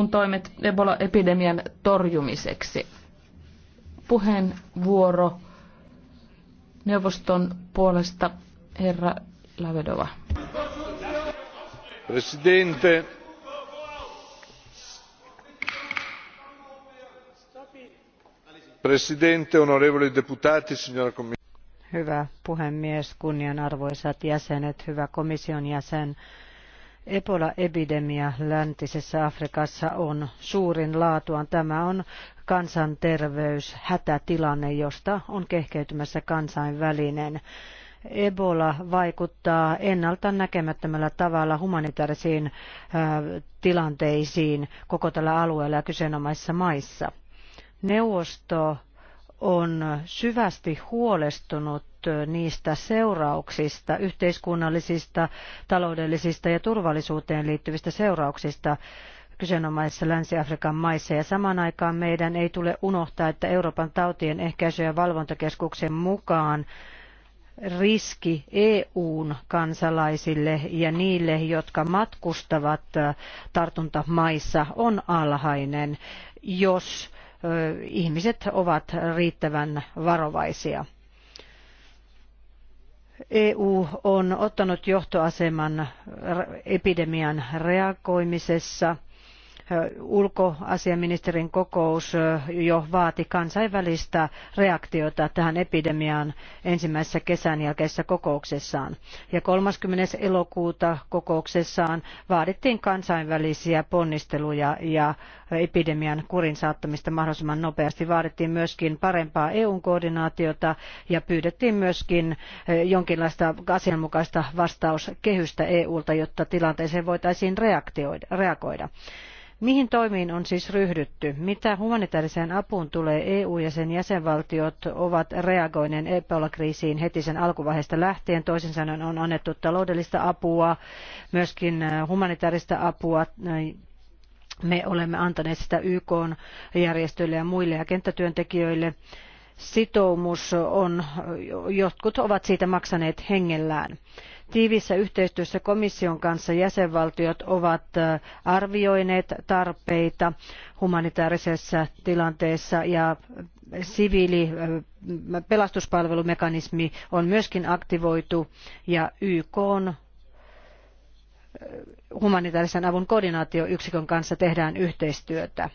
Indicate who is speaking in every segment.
Speaker 1: EUn toimet Ebola-epidemian torjumiseksi. Puheenvuoro neuvoston puolesta herra Lavedova.
Speaker 2: Presidente. Presidente, onorevoli deputati, signora
Speaker 3: Hyvä puhemies, kunnianarvoisat jäsenet, hyvä komission jäsen Ebola-epidemia läntisessä Afrikassa on suurin laatuaan. Tämä on kansanterveyshätätilanne, josta on kehkeytymässä kansainvälinen. Ebola vaikuttaa ennalta näkemättömällä tavalla humanitaarisiin äh, tilanteisiin koko tällä alueella ja kyseenomaisissa maissa. Neuvosto on syvästi huolestunut niistä seurauksista, yhteiskunnallisista, taloudellisista ja turvallisuuteen liittyvistä seurauksista kyseenomaisissa Länsi-Afrikan maissa. Ja samaan aikaan meidän ei tule unohtaa, että Euroopan tautien ehkäisy- ja valvontakeskuksen mukaan riski EUn kansalaisille ja niille, jotka matkustavat tartuntamaissa, on alhainen, jos ihmiset ovat riittävän varovaisia. EU on ottanut johtoaseman epidemian reagoimisessa – ulkoasiaministerin kokous jo vaati kansainvälistä reaktiota tähän epidemiaan ensimmäisessä kesän jälkeisessä kokouksessaan. Ja 30. elokuuta kokouksessaan vaadittiin kansainvälisiä ponnisteluja ja epidemian kurin saattamista mahdollisimman nopeasti. Vaadittiin myöskin parempaa EU-koordinaatiota ja pyydettiin myöskin jonkinlaista asianmukaista vastauskehystä EUlta, jotta tilanteeseen voitaisiin reaktioida, reagoida. Mihin toimiin on siis ryhdytty? Mitä humanitaariseen apuun tulee EU ja sen jäsenvaltiot ovat reagoineet Ebola-kriisiin heti sen alkuvaiheesta lähtien? Toisin sanoen on annettu taloudellista apua, myöskin äh, humanitaarista apua, me olemme antaneet sitä YK järjestöille ja muille ja kenttätyöntekijöille. Sitoumus on, jotkut ovat siitä maksaneet hengellään. Tiivissä yhteistyössä komission kanssa jäsenvaltiot ovat arvioineet tarpeita humanitaarisessa tilanteessa ja siviili pelastuspalvelumekanismi on myöskin aktivoitu ja YK on humanitaarisen avun koordinaatioyksikön kanssa tehdään yhteistyötä.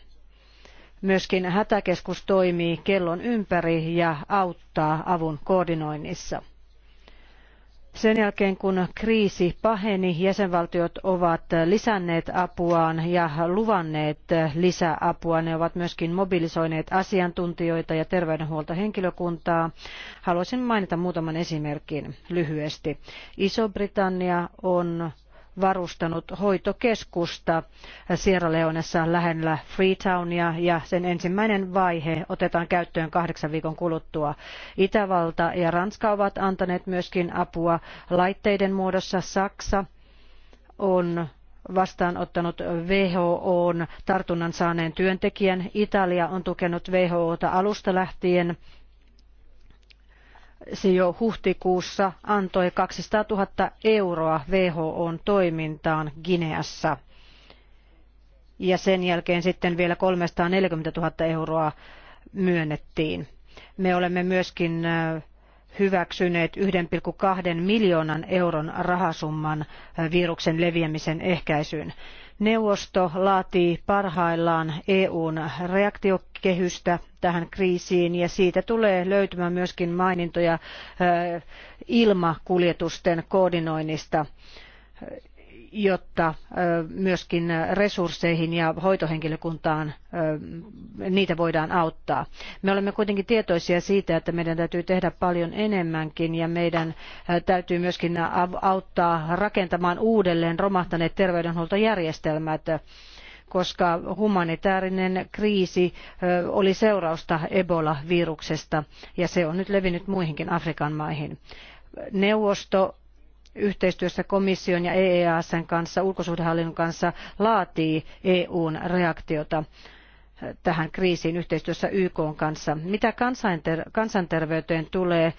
Speaker 3: Myöskin hätäkeskus toimii kellon ympäri ja auttaa avun koordinoinnissa. Sen jälkeen kun kriisi paheni, jäsenvaltiot ovat lisänneet apuaan ja luvanneet lisäapua. Ne ovat myöskin mobilisoineet asiantuntijoita ja terveydenhuoltohenkilökuntaa. Haluaisin mainita muutaman esimerkin lyhyesti. Iso-Britannia on varustanut hoitokeskusta Sierra Leonessa lähellä Freetownia ja sen ensimmäinen vaihe otetaan käyttöön kahdeksan viikon kuluttua. Itävalta ja Ranska ovat antaneet myöskin apua laitteiden muodossa. Saksa on vastaanottanut WHOn tartunnan saaneen työntekijän. Italia on tukenut WHOta alusta lähtien se jo huhtikuussa antoi 200 000 euroa WHOn toimintaan Gineassa. Ja sen jälkeen sitten vielä 340 000 euroa myönnettiin. Me olemme myöskin hyväksyneet 1,2 miljoonan euron rahasumman viruksen leviämisen ehkäisyyn. Neuvosto laatii parhaillaan EUn reaktiokehystä tähän kriisiin ja siitä tulee löytymään myöskin mainintoja ilmakuljetusten koordinoinnista jotta myöskin resursseihin ja hoitohenkilökuntaan niitä voidaan auttaa. Me olemme kuitenkin tietoisia siitä, että meidän täytyy tehdä paljon enemmänkin ja meidän täytyy myöskin auttaa rakentamaan uudelleen romahtaneet terveydenhuoltojärjestelmät koska humanitaarinen kriisi oli seurausta Ebola-viruksesta ja se on nyt levinnyt muihinkin Afrikan maihin. Neuvosto yhteistyössä komission ja EEASn kanssa, ulkosuhdehallinnon kanssa laatii EUn reaktiota tähän kriisiin yhteistyössä YK kanssa. Mitä kansanterveyteen tulee,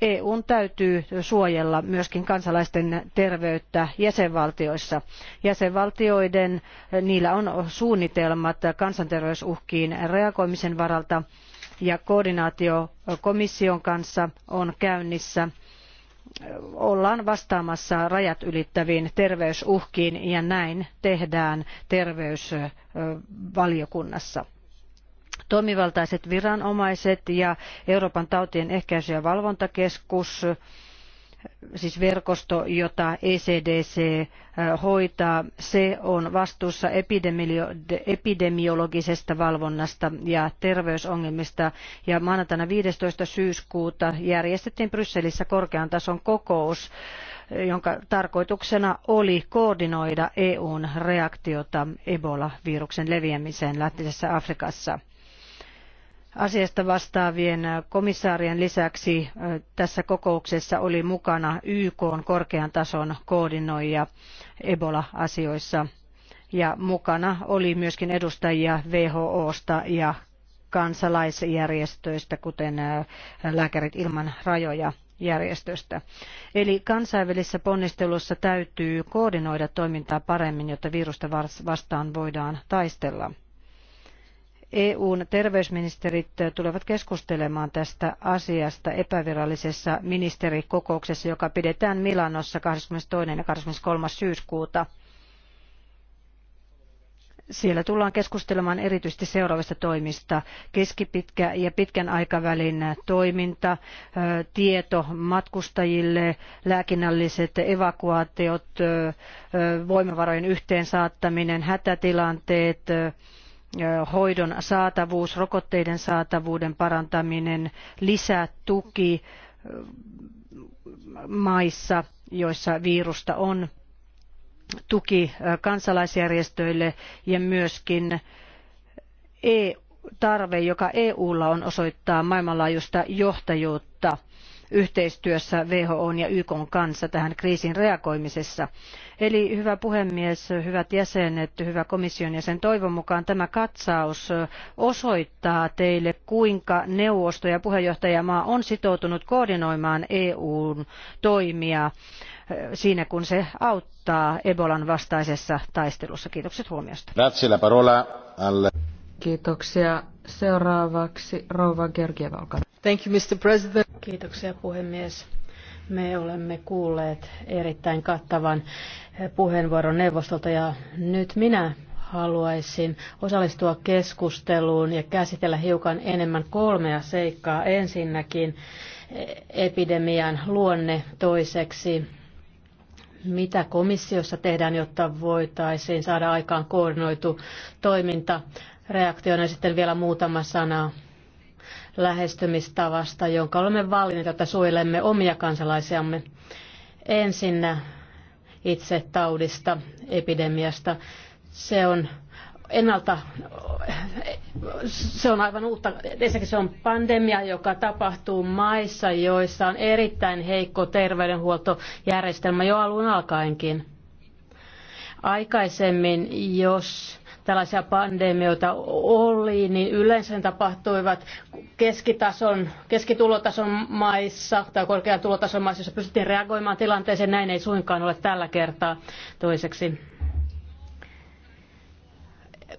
Speaker 3: EUn täytyy suojella myöskin kansalaisten terveyttä jäsenvaltioissa. Jäsenvaltioiden, niillä on suunnitelmat kansanterveysuhkiin reagoimisen varalta ja koordinaatio komission kanssa on käynnissä ollaan vastaamassa rajat ylittäviin terveysuhkiin ja näin tehdään terveysvaliokunnassa toimivaltaiset viranomaiset ja Euroopan tautien ehkäisy- ja valvontakeskus siis verkosto, jota ECDC hoitaa, se on vastuussa epidemiologisesta valvonnasta ja terveysongelmista. Ja maanantaina 15. syyskuuta järjestettiin Brysselissä korkean tason kokous, jonka tarkoituksena oli koordinoida EUn reaktiota Ebola-viruksen leviämiseen Läntisessä Afrikassa. Asiasta vastaavien äh, komissaarien lisäksi äh, tässä kokouksessa oli mukana YK korkean tason koordinoija Ebola-asioissa ja mukana oli myöskin edustajia WHOsta ja kansalaisjärjestöistä, kuten äh, Lääkärit ilman rajoja järjestöstä. Eli kansainvälisessä ponnistelussa täytyy koordinoida toimintaa paremmin, jotta virusta vastaan voidaan taistella. EUn terveysministerit tulevat keskustelemaan tästä asiasta epävirallisessa ministerikokouksessa, joka pidetään Milanossa kaksikymmentäkaksi ja 23. syyskuuta. Siellä tullaan keskustelemaan erityisesti seuraavista toimista. Keskipitkä ja pitkän aikavälin toiminta, tieto matkustajille, lääkinnälliset evakuaatiot, voimavarojen yhteensaattaminen, hätätilanteet, hoidon saatavuus, rokotteiden saatavuuden parantaminen, lisätuki maissa, joissa virusta on, tuki kansalaisjärjestöille ja myöskin EU tarve, joka EUlla on osoittaa maailmanlaajuista johtajuutta yhteistyössä WHOn ja YKn kanssa tähän kriisiin reagoimisessa. Eli hyvä puhemies, hyvät jäsenet, hyvä komission jäsen, toivon mukaan tämä katsaus osoittaa teille, kuinka neuvosto ja puheenjohtajamaa on sitoutunut koordinoimaan EUn toimia eh, siinä, kun se auttaa Ebolan vastaisessa taistelussa. Kiitokset huomiosta.
Speaker 2: Grazie, la parola
Speaker 1: Kiitoksia.
Speaker 3: Seuraavaksi rouva Georgieva, olkaa. Thank
Speaker 4: you, Mr. President. Kiitoksia puhemies. Me olemme kuulleet erittäin kattavan puheenvuoron neuvostolta ja nyt minä haluaisin osallistua keskusteluun ja käsitellä hiukan enemmän kolmea seikkaa. Ensinnäkin epidemian luonne, toiseksi mitä komissiossa tehdään, jotta voitaisiin saada aikaan koordinoitu toiminta reaktiona sitten vielä muutama sana lähestymistavasta, jonka olemme valinneet, että suojelemme omia kansalaisiamme. Ensinnä itse taudista, epidemiasta. Se on ennalta, se on aivan uutta. Ensinnäkin se on pandemia, joka tapahtuu maissa, joissa on erittäin heikko terveydenhuoltojärjestelmä jo alun alkaenkin. Aikaisemmin, jos tällaisia pandemioita oli, niin yleensä ne tapahtuivat keskitason, keskitulotason maissa tai korkean tulotason maissa, jossa pystyttiin reagoimaan tilanteeseen. Näin ei suinkaan ole tällä kertaa toiseksi.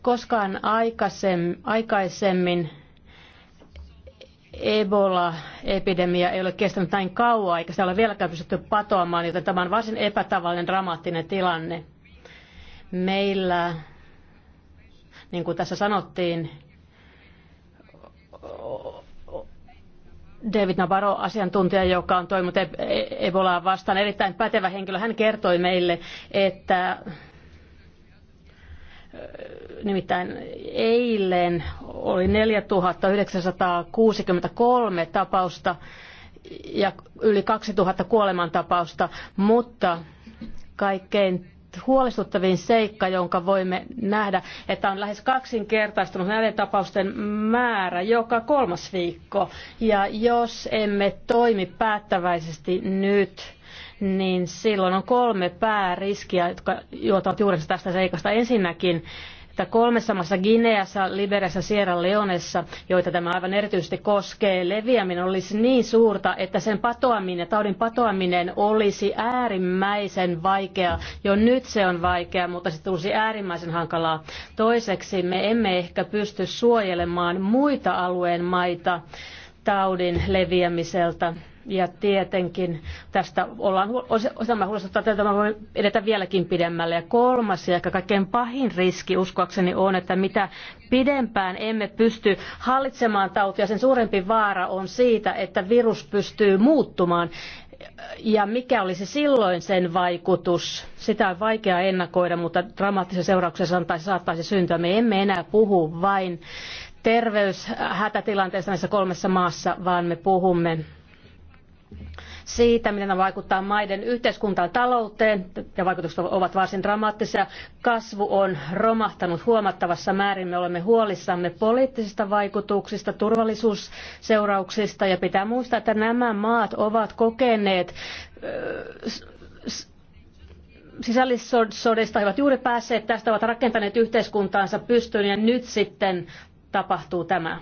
Speaker 4: Koskaan aikaisemmin Ebola-epidemia ei ole kestänyt näin kauan, eikä sitä ole vieläkään pystytty patoamaan, joten tämä on varsin epätavallinen dramaattinen tilanne. Meillä niin kuin tässä sanottiin, David Navarro, asiantuntija, joka on toiminut e- e- Ebolaa vastaan, erittäin pätevä henkilö, hän kertoi meille, että Nimittäin eilen oli 4963 tapausta ja yli 2000 kuolemantapausta, mutta kaikkein huolestuttavin seikka, jonka voimme nähdä, että on lähes kaksinkertaistunut näiden tapausten määrä joka kolmas viikko. Ja jos emme toimi päättäväisesti nyt, niin silloin on kolme pääriskiä, jotka juotavat juurensa tästä seikasta. Ensinnäkin että kolmessa maassa Gineassa, Liberessa, Sierra Leonessa, joita tämä aivan erityisesti koskee, leviäminen olisi niin suurta, että sen patoaminen, taudin patoaminen olisi äärimmäisen vaikeaa. Jo nyt se on vaikeaa, mutta se tulisi äärimmäisen hankalaa. Toiseksi me emme ehkä pysty suojelemaan muita alueen maita taudin leviämiseltä ja tietenkin tästä ollaan osaamme huolestuttaa, että tämä voi edetä vieläkin pidemmälle. Ja kolmas ja ehkä kaikkein pahin riski uskoakseni on, että mitä pidempään emme pysty hallitsemaan tautia, sen suurempi vaara on siitä, että virus pystyy muuttumaan ja mikä olisi silloin sen vaikutus? Sitä on vaikea ennakoida, mutta dramaattisia seurauksia saattaisi, saattaisi syntyä. Me emme enää puhu vain terveyshätätilanteesta näissä kolmessa maassa, vaan me puhumme siitä, miten ne vaikuttaa maiden yhteiskuntaan talouteen, ja vaikutukset ovat varsin dramaattisia. Kasvu on romahtanut huomattavassa määrin. Me olemme huolissamme poliittisista vaikutuksista, turvallisuusseurauksista, ja pitää muistaa, että nämä maat ovat kokeneet sisällissodista, he ovat juuri päässeet tästä, ovat rakentaneet yhteiskuntaansa pystyyn, ja nyt sitten tapahtuu tämä.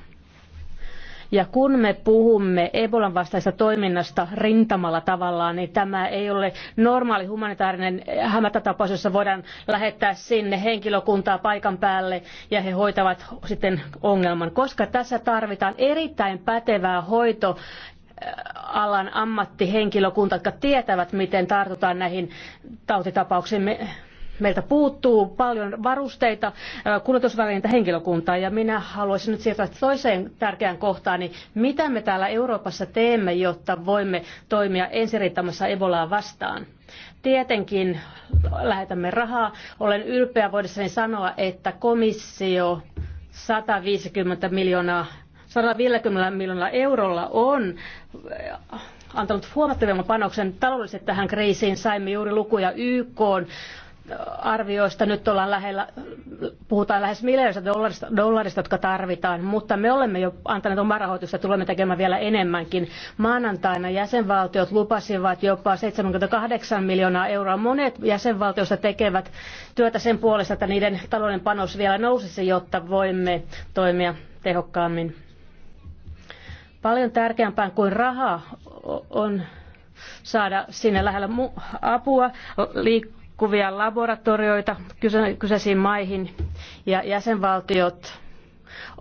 Speaker 4: Ja kun me puhumme Ebolan vastaista toiminnasta rintamalla tavallaan, niin tämä ei ole normaali humanitaarinen hämätätapaus, jossa voidaan lähettää sinne henkilökuntaa paikan päälle ja he hoitavat sitten ongelman, koska tässä tarvitaan erittäin pätevää hoito äh, alan ammattihenkilökunta, jotka tietävät, miten tartutaan näihin tautitapauksiin. Meiltä puuttuu paljon varusteita, kuljetusvälineitä, henkilökuntaa ja minä haluaisin nyt siirtyä toiseen tärkeään kohtaan, niin mitä me täällä Euroopassa teemme, jotta voimme toimia ensirittamassa Ebolaa vastaan? Tietenkin lähetämme rahaa. Olen ylpeä voidessani sanoa, että komissio 150 miljoonaa 150 miljoonalla eurolla on antanut huomattavimman panoksen taloudellisesti tähän kriisiin. Saimme juuri lukuja YK arvioista nyt ollaan lähellä, puhutaan lähes miljardista dollarista, dollarista, jotka tarvitaan, mutta me olemme jo antaneet omaa rahoitusta ja tulemme tekemään vielä enemmänkin. Maanantaina jäsenvaltiot lupasivat jopa 78 miljoonaa euroa. Monet jäsenvaltioista tekevät työtä sen puolesta, että niiden talouden panos vielä nousisi, jotta voimme toimia tehokkaammin. Paljon tärkeämpää kuin raha on saada sinne lähellä apua, liikkeelle liikkuvia laboratorioita kyseisiin maihin ja jäsenvaltiot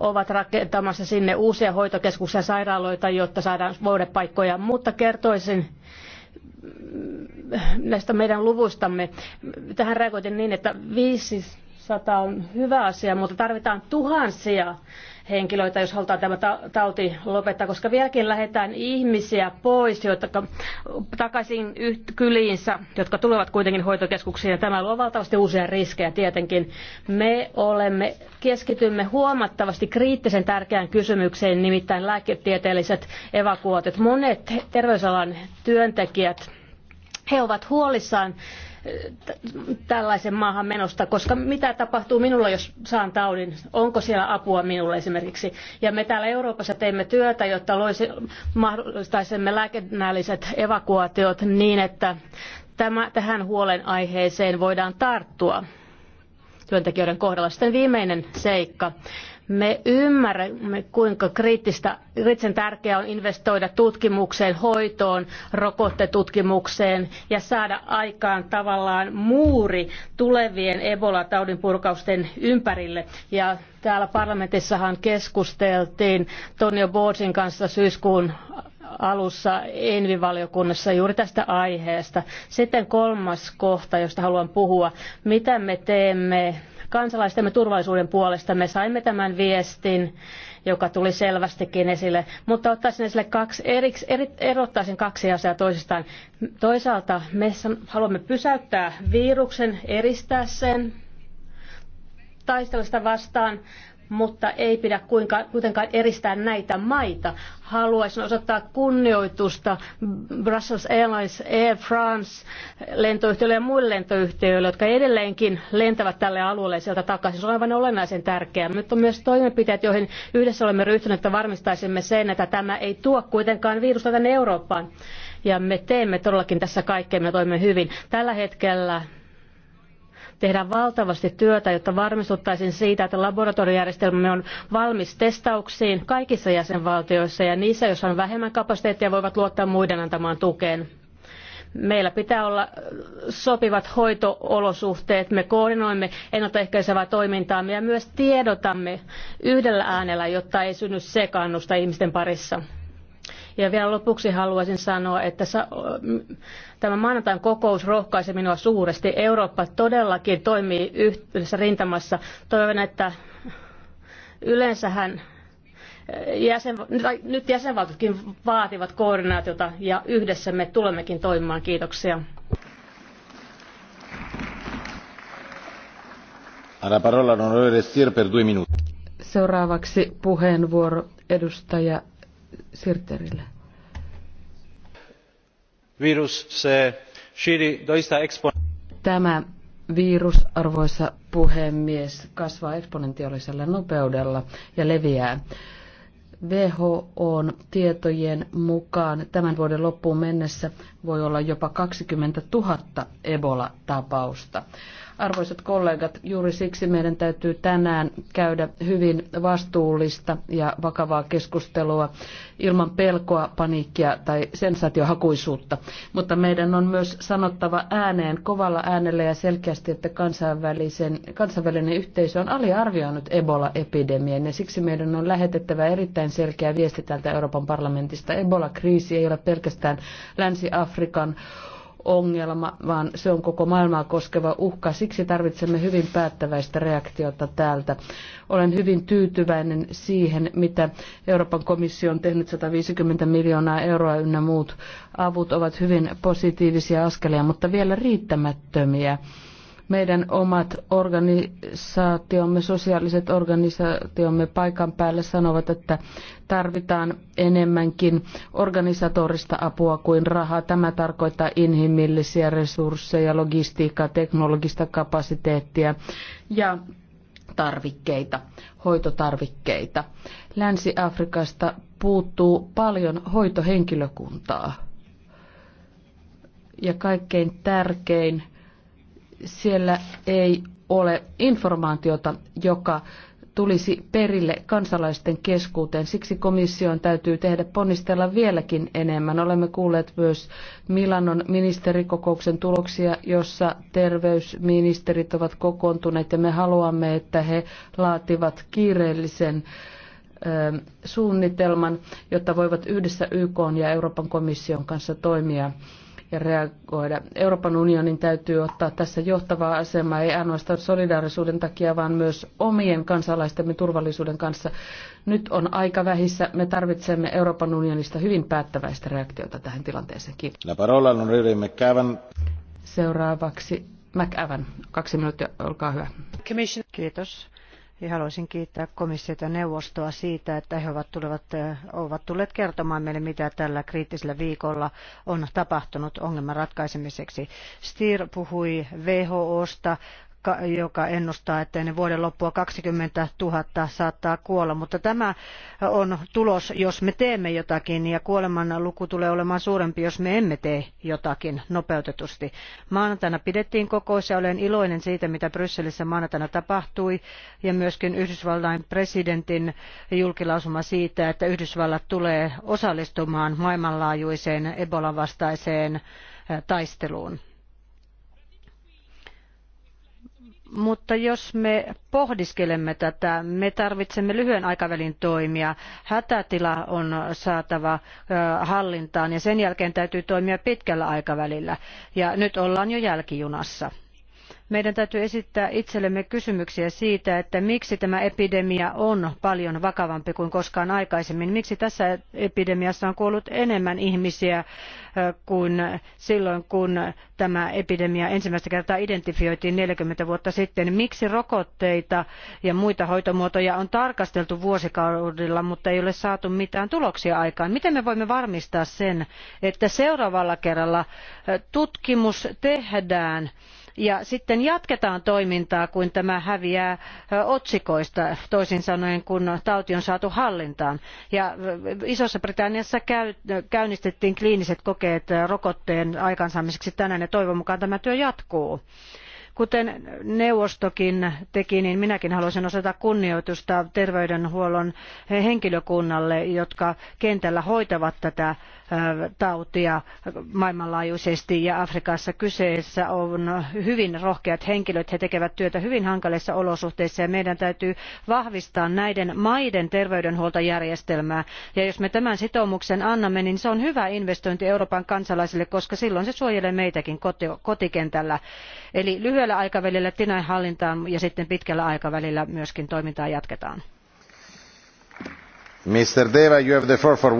Speaker 4: ovat rakentamassa sinne uusia hoitokeskuksia sairaaloita, jotta saadaan vuodepaikkoja. Mutta kertoisin näistä meidän luvuistamme. Tähän reagoitin niin, että 500 on hyvä asia, mutta tarvitaan tuhansia henkilöitä, jos halutaan tämä tauti lopettaa, koska vieläkin lähetään ihmisiä pois, jotka takaisin kyliinsä, jotka tulevat kuitenkin hoitokeskuksiin. Ja tämä luo valtavasti uusia riskejä tietenkin. Me olemme, keskitymme huomattavasti kriittisen tärkeään kysymykseen, nimittäin lääketieteelliset evakuoitit. Monet terveysalan työntekijät, he ovat huolissaan tällaisen maahan menosta, koska mitä tapahtuu minulla, jos saan taudin, onko siellä apua minulle esimerkiksi. Ja me täällä Euroopassa teemme työtä, jotta loisi, mahdollistaisimme lääkinnälliset evakuaatiot niin, että tämä, tähän huolenaiheeseen voidaan tarttua työntekijöiden kohdalla. Sitten viimeinen seikka. Me ymmärrämme, kuinka kriittistä, kriittisen tärkeää on investoida tutkimukseen, hoitoon, rokotetutkimukseen ja saada aikaan tavallaan muuri tulevien Ebola-taudin purkausten ympärille. Ja täällä parlamentissahan keskusteltiin Tonio Bootsin kanssa syyskuun alussa Envivaliokunnassa juuri tästä aiheesta. Sitten kolmas kohta, josta haluan puhua. Mitä me teemme kansalaistemme turvallisuuden puolesta. Me saimme tämän viestin, joka tuli selvästikin esille, mutta ottaisin esille kaksi, eriks, eri, erottaisin kaksi asiaa toisistaan. Toisaalta me haluamme pysäyttää viruksen, eristää sen, taistella sitä vastaan, mutta ei pidä kuitenkaan eristää näitä maita. Haluaisin osoittaa kunnioitusta Brussels Airlines, Air France lentoyhtiöille ja muille lentoyhtiöille, jotka edelleenkin lentävät tälle alueelle sieltä takaisin. Se on aivan olennaisen tärkeää. Nyt on myös toimenpiteet, joihin yhdessä olemme ryhtyneet, että varmistaisimme sen, että tämä ei tuo kuitenkaan virusta tänne Eurooppaan. Ja me teemme todellakin tässä kaikkea, me toimimme hyvin. Tällä hetkellä Tehdään valtavasti työtä, jotta varmistuttaisiin siitä, että laboratoriojärjestelmämme on valmis testauksiin kaikissa jäsenvaltioissa ja niissä, joissa on vähemmän kapasiteettia, voivat luottaa muiden antamaan tukeen. Meillä pitää olla sopivat hoitoolosuhteet, me koordinoimme ennaltaehkäisevää toimintaamme ja myös tiedotamme yhdellä äänellä, jotta ei synny sekaannusta ihmisten parissa. Ja vielä lopuksi haluaisin sanoa, että tämä maanantain kokous rohkaisi minua suuresti. Eurooppa todellakin toimii yhdessä rintamassa. Toivon, että yleensähän eh, jäsen, nyt jäsenvaltiotkin vaativat koordinaatiota ja yhdessä me tulemmekin toimimaan. Kiitoksia.
Speaker 1: Seuraavaksi puheenvuoro edustaja Sirterille.
Speaker 2: Virus se širi doista ekspon-
Speaker 1: Tämä virus, arvoisa puhemies, kasvaa eksponentiaalisella nopeudella ja leviää. WHOn tietojen mukaan tämän vuoden loppuun mennessä voi olla jopa 20 000 Ebola-tapausta. Arvoisat kollegat, juuri siksi meidän täytyy tänään käydä hyvin vastuullista ja vakavaa keskustelua ilman pelkoa, paniikkia tai sensaatiohakuisuutta. Mutta meidän on myös sanottava ääneen, kovalla äänellä ja selkeästi, että kansainvälisen, kansainvälinen yhteisö on aliarvioinut Ebola-epidemian ja siksi meidän on lähetettävä erittäin selkeä viesti täältä Euroopan parlamentista. Ebola-kriisi ei ole pelkästään Länsi-Afrikan ongelma, vaan se on koko maailmaa koskeva uhka. Siksi tarvitsemme hyvin päättäväistä reaktiota täältä. Olen hyvin tyytyväinen siihen, mitä Euroopan komissio on tehnyt 150 miljoonaa euroa ynnä muut avut ovat hyvin positiivisia askelia, mutta vielä riittämättömiä meidän omat organisaatiomme, sosiaaliset organisaatiomme paikan päällä sanovat, että tarvitaan enemmänkin organisatorista apua kuin rahaa. Tämä tarkoittaa inhimillisiä resursseja, logistiikkaa, teknologista kapasiteettia ja tarvikkeita, hoitotarvikkeita. Länsi-Afrikasta puuttuu paljon hoitohenkilökuntaa. Ja kaikkein tärkein siellä ei ole informaatiota, joka tulisi perille kansalaisten keskuuteen. Siksi komission täytyy tehdä ponnistella vieläkin enemmän. Olemme kuulleet myös Milanon ministerikokouksen tuloksia, jossa terveysministerit ovat kokoontuneet ja me haluamme, että he laativat kiireellisen suunnitelman, jotta voivat yhdessä YK ja Euroopan komission kanssa toimia ja reagoida. Euroopan unionin täytyy ottaa tässä johtavaa asemaa, ei ainoastaan solidaarisuuden takia, vaan myös omien kansalaistemme turvallisuuden kanssa. Nyt on aika vähissä. Me tarvitsemme Euroopan unionista hyvin päättäväistä reaktiota tähän tilanteeseen. Kiitos. on Seuraavaksi McAvan. Kaksi minuuttia, olkaa hyvä. Kiitos ja haluaisin
Speaker 3: kiittää komissiota ja neuvostoa siitä, että he ovat, tulevat, ovat tulleet kertomaan meille, mitä tällä kriittisellä viikolla on tapahtunut ongelman ratkaisemiseksi. Stier puhui WHOsta, joka ennustaa, että ennen vuoden loppua 20 000 saattaa kuolla. Mutta tämä on tulos, jos me teemme jotakin, ja kuoleman luku tulee olemaan suurempi, jos me emme tee jotakin nopeutetusti. Maanantaina pidettiin kokous, ja olen iloinen siitä, mitä Brysselissä maanantaina tapahtui, ja myöskin Yhdysvaltain presidentin julkilausuma siitä, että Yhdysvallat tulee osallistumaan maailmanlaajuiseen Ebolan vastaiseen taisteluun. Mutta jos me pohdiskelemme tätä, me tarvitsemme lyhyen aikavälin toimia. Hätätila on saatava hallintaan ja sen jälkeen täytyy toimia pitkällä aikavälillä. Ja nyt ollaan jo jälkijunassa. Meidän täytyy esittää itsellemme kysymyksiä siitä, että miksi tämä epidemia on paljon vakavampi kuin koskaan aikaisemmin. Miksi tässä epidemiassa on kuollut enemmän ihmisiä kuin silloin, kun tämä epidemia ensimmäistä kertaa identifioitiin 40 vuotta sitten. Miksi rokotteita ja muita hoitomuotoja on tarkasteltu vuosikaudella, mutta ei ole saatu mitään tuloksia aikaan? Miten me voimme varmistaa sen, että seuraavalla kerralla tutkimus tehdään? ja sitten jatketaan toimintaa, kun tämä häviää otsikoista, toisin sanoen kun tauti on saatu hallintaan. Ja Isossa Britanniassa käynnistettiin kliiniset kokeet rokotteen aikaansaamiseksi tänään ja toivon mukaan tämä työ jatkuu. Kuten neuvostokin teki, niin minäkin haluaisin osoittaa kunnioitusta terveydenhuollon henkilökunnalle, jotka kentällä hoitavat tätä tautia maailmanlaajuisesti ja Afrikassa kyseessä on hyvin rohkeat henkilöt. He tekevät työtä hyvin hankalissa olosuhteissa ja meidän täytyy vahvistaa näiden maiden terveydenhuoltojärjestelmää. Ja jos me tämän sitoumuksen annamme, niin se on hyvä investointi Euroopan kansalaisille, koska silloin se suojelee meitäkin kotikentällä. Eli lyhyellä aikavälillä Tinain hallintaan ja sitten pitkällä aikavälillä myöskin toimintaa jatketaan.
Speaker 2: Mr. Deva, you have the floor for...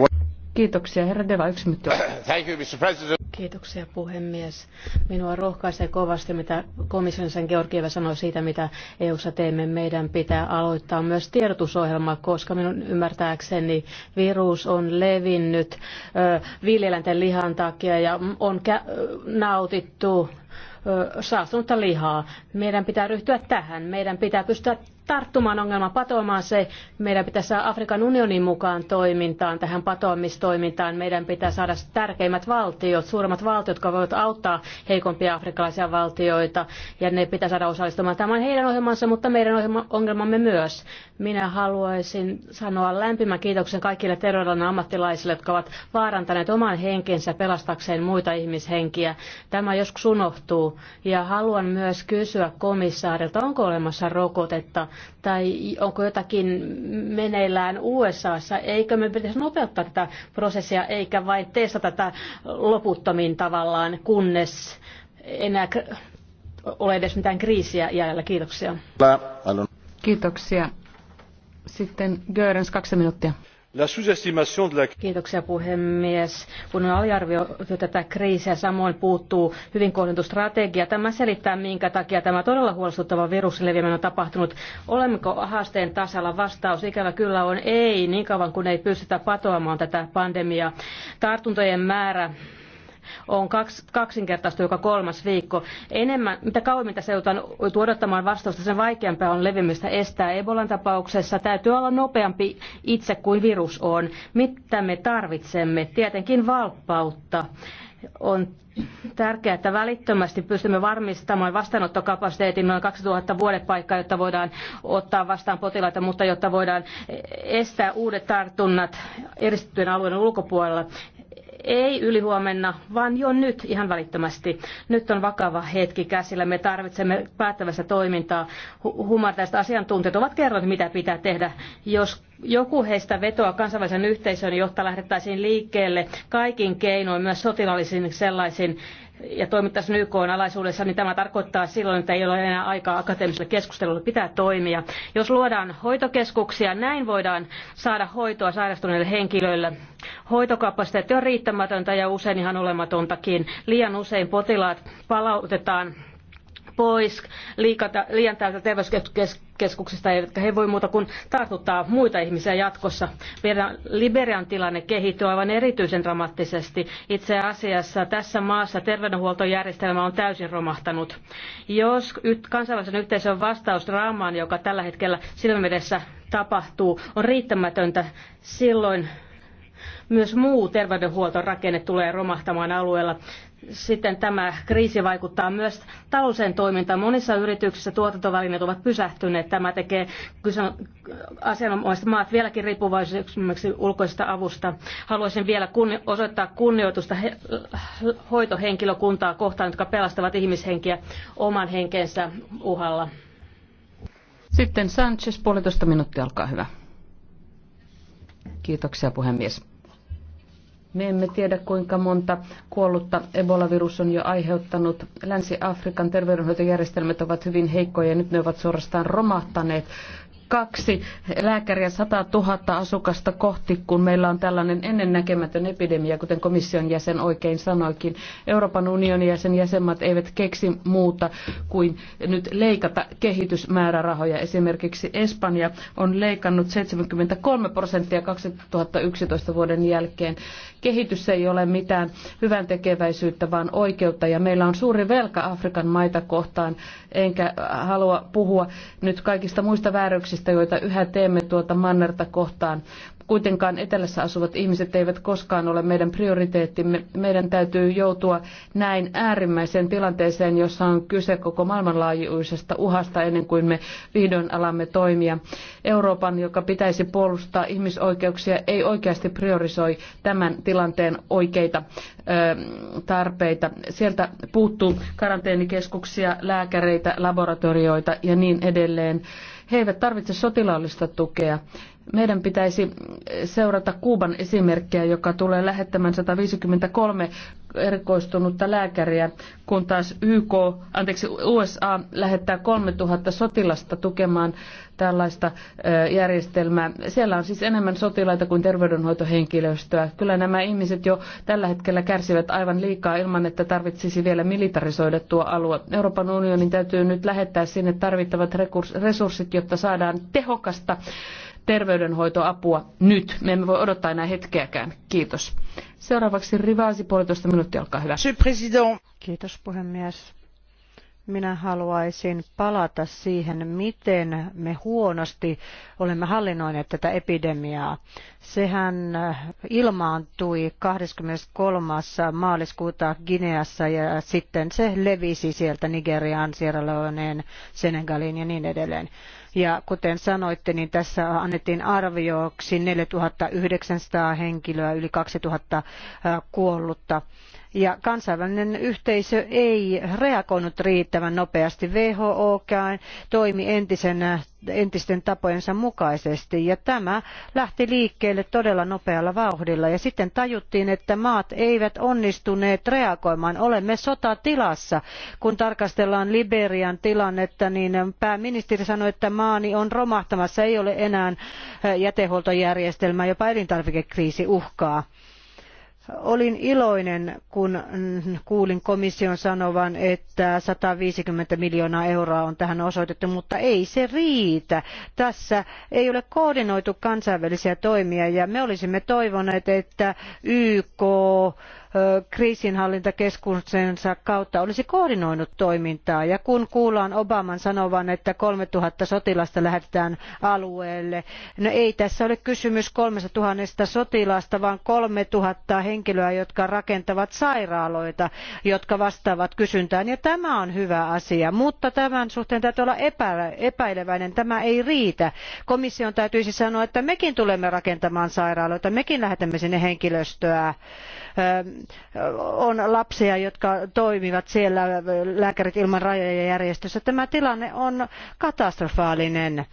Speaker 3: Kiitoksia, herra
Speaker 4: Deva, yksi minuutti.
Speaker 2: Thank you, Mr. President.
Speaker 4: Kiitoksia, puhemies. Minua rohkaisee kovasti, mitä komission sen Georgieva sanoi siitä, mitä EU-ssa teemme. Meidän pitää aloittaa myös tiedotusohjelma, koska minun ymmärtääkseni virus on levinnyt ö, viljeläinten lihan takia ja on nautittu saastunutta lihaa. Meidän pitää ryhtyä tähän. Meidän pitää pystyä tarttumaan ongelma patoamaan se. Meidän pitää saada Afrikan unionin mukaan toimintaan, tähän patoamistoimintaan. Meidän pitää saada tärkeimmät valtiot, suuremmat valtiot, jotka voivat auttaa heikompia afrikkalaisia valtioita. Ja ne pitää saada osallistumaan. Tämä on heidän ohjelmansa, mutta meidän ohjelma, ongelmamme myös. Minä haluaisin sanoa lämpimän kiitoksen kaikille terveydenhuollon ammattilaisille, jotka ovat vaarantaneet oman henkensä pelastakseen muita ihmishenkiä. Tämä joskus unohtuu. Ja haluan myös kysyä komissaarilta, onko olemassa rokotetta, tai onko jotakin meneillään USAssa. Eikö me pitäisi nopeuttaa tätä prosessia eikä vain testata tätä loputtomiin tavallaan, kunnes enää ole edes mitään kriisiä jäljellä. Kiitoksia. Kiitoksia. Sitten Görens kaksi minuuttia. Kiitoksia puhemies. Kun on aliarvioitu tätä kriisiä, samoin puuttuu hyvin kohdennettu strategia. Tämä selittää, minkä takia tämä todella huolestuttava viruksen leviäminen on tapahtunut. Olemmeko haasteen tasalla? Vastaus ikävä kyllä on ei, niin kauan kun ei pystytä patoamaan tätä pandemiaa. Tartuntojen määrä on kaks, kaksinkertaistunut joka kolmas viikko. Enemmän, mitä kauemmin tässä joudutaan odottamaan vastausta, sen vaikeampaa on levimistä estää. Ebolan tapauksessa täytyy olla nopeampi itse kuin virus on. Mitä me tarvitsemme? Tietenkin valppautta on tärkeää, että välittömästi pystymme varmistamaan vastaanottokapasiteetin noin 2000 vuodepaikkaa, jotta voidaan ottaa vastaan potilaita, mutta jotta voidaan estää uudet tartunnat eristettyjen alueiden ulkopuolella ei ylihuomenna, vaan jo nyt ihan välittömästi. Nyt on vakava hetki käsillä. Me tarvitsemme päättävästä toimintaa. Humanitaariset asiantuntijat ovat kerroneet, mitä pitää tehdä. Jos joku heistä vetoaa kansainvälisen yhteisön, jotta lähdettäisiin liikkeelle kaikin keinoin, myös sotilaallisin sellaisin, ja toimittaisiin YK alaisuudessa, niin tämä tarkoittaa silloin, että ei ole enää aikaa akateemiselle keskustelulle, pitää toimia. Jos luodaan hoitokeskuksia, näin voidaan saada hoitoa sairastuneille henkilöille. Hoitokapasiteetti on riittämätöntä ja usein ihan olematontakin. Liian usein potilaat palautetaan pois liikata, liian täältä terveyskeskuksesta eivätkä he voi muuta kuin tartuttaa muita ihmisiä jatkossa. Liberian tilanne kehittyy aivan erityisen dramaattisesti. Itse asiassa tässä maassa terveydenhuoltojärjestelmä on täysin romahtanut. Jos kansainvälisen yhteisön vastaus draamaan, joka tällä hetkellä silmämedessä tapahtuu, on riittämätöntä, silloin myös muu terveydenhuoltorakenne tulee romahtamaan alueella. Sitten tämä kriisi vaikuttaa myös talouseen toimintaan. Monissa yrityksissä tuotantovälineet ovat pysähtyneet. Tämä tekee asianomaiset maat vieläkin riippuvaisemmiksi ulkoisesta avusta. Haluaisin vielä kunni- osoittaa kunnioitusta he- hoitohenkilökuntaa kohtaan, jotka pelastavat ihmishenkiä oman henkensä uhalla.
Speaker 1: Sitten Sanchez, puolitoista minuuttia, olkaa hyvä. Kiitoksia puhemies. Me emme tiedä, kuinka monta kuollutta Ebola-virus on jo aiheuttanut. Länsi-Afrikan terveydenhoitojärjestelmät ovat hyvin heikkoja ja nyt ne ovat suorastaan romahtaneet kaksi lääkäriä 100 000 asukasta kohti, kun meillä on tällainen ennennäkemätön epidemia, kuten komission jäsen oikein sanoikin. Euroopan unionin ja sen jäsenmaat eivät keksi muuta kuin nyt leikata kehitysmäärärahoja. Esimerkiksi Espanja on leikannut 73 prosenttia 2011 vuoden jälkeen. Kehitys ei ole mitään hyvän tekeväisyyttä, vaan oikeutta ja meillä on suuri velka Afrikan maita kohtaan, enkä halua puhua nyt kaikista muista vääryksistä rikoksista, joita yhä teemme tuota mannerta kohtaan. Kuitenkaan etelässä asuvat ihmiset eivät koskaan ole meidän prioriteettimme. Meidän täytyy joutua näin äärimmäiseen tilanteeseen, jossa on kyse koko maailmanlaajuisesta uhasta ennen kuin me vihdoin alamme toimia. Euroopan, joka pitäisi puolustaa ihmisoikeuksia, ei oikeasti priorisoi tämän tilanteen oikeita tarpeita. Sieltä puuttuu karanteenikeskuksia, lääkäreitä, laboratorioita ja niin edelleen. He eivät tarvitse sotilaallista tukea. Meidän pitäisi seurata Kuuban esimerkkiä, joka tulee lähettämään 153 erikoistunutta lääkäriä, kun taas YK, anteeksi, USA lähettää 3000 sotilasta tukemaan tällaista järjestelmää. Siellä on siis enemmän sotilaita kuin terveydenhoitohenkilöstöä. Kyllä nämä ihmiset jo tällä hetkellä kärsivät aivan liikaa ilman, että tarvitsisi vielä militarisoida tuo alue. Euroopan unionin täytyy nyt lähettää sinne tarvittavat resurssit, jotta saadaan tehokasta terveydenhoitoapua nyt. Me emme voi odottaa enää hetkeäkään. Kiitos. Seuraavaksi Rivaasi puolitoista minuuttia, olkaa hyvä. Kiitos puhemies.
Speaker 3: Minä haluaisin palata siihen, miten me huonosti olemme hallinnoineet tätä epidemiaa. Sehän äh, ilmaantui 23. maaliskuuta Gineassa ja sitten se levisi sieltä Nigeriaan, Sierra Leoneen, Senegaliin ja niin edelleen. Ja kuten sanoitte, niin tässä annettiin arvioksi 4900 henkilöä, yli 2000 kuollutta ja kansainvälinen yhteisö ei reagoinut riittävän nopeasti. WHOkään toimi entisten tapojensa mukaisesti ja tämä lähti liikkeelle todella nopealla vauhdilla ja sitten tajuttiin, että maat eivät onnistuneet reagoimaan. Olemme sotatilassa. Kun tarkastellaan Liberian tilannetta, niin pääministeri sanoi, että maani on romahtamassa, ei ole enää eh, jätehuoltojärjestelmää, jopa elintarvikekriisi uhkaa. Olin iloinen, kun kuulin komission sanovan, että 150 miljoonaa euroa on tähän osoitettu, mutta ei se riitä. Tässä ei ole koordinoitu kansainvälisiä toimia ja me olisimme toivoneet, että YK kriisinhallintakeskuksensa kautta olisi koordinoinut toimintaa. Ja kun kuullaan Obaman sanovan, että nolla sotilasta lähetetään alueelle, no ei tässä ole kysymys nolla sotilaasta, vaan nolla henkilöä, jotka rakentavat sairaaloita, jotka vastaavat kysyntään. Ja tämä on hyvä asia, mutta tämän suhteen täytyy olla epä, epäileväinen. Tämä ei riitä. Komission täytyisi sanoa, että mekin tulemme rakentamaan sairaaloita, mekin lähetämme sinne henkilöstöä on lapsia, jotka toimivat siellä äh, Lääkärit ilman rajoja järjestössä. Tämä tilanne on katastrofaalinen.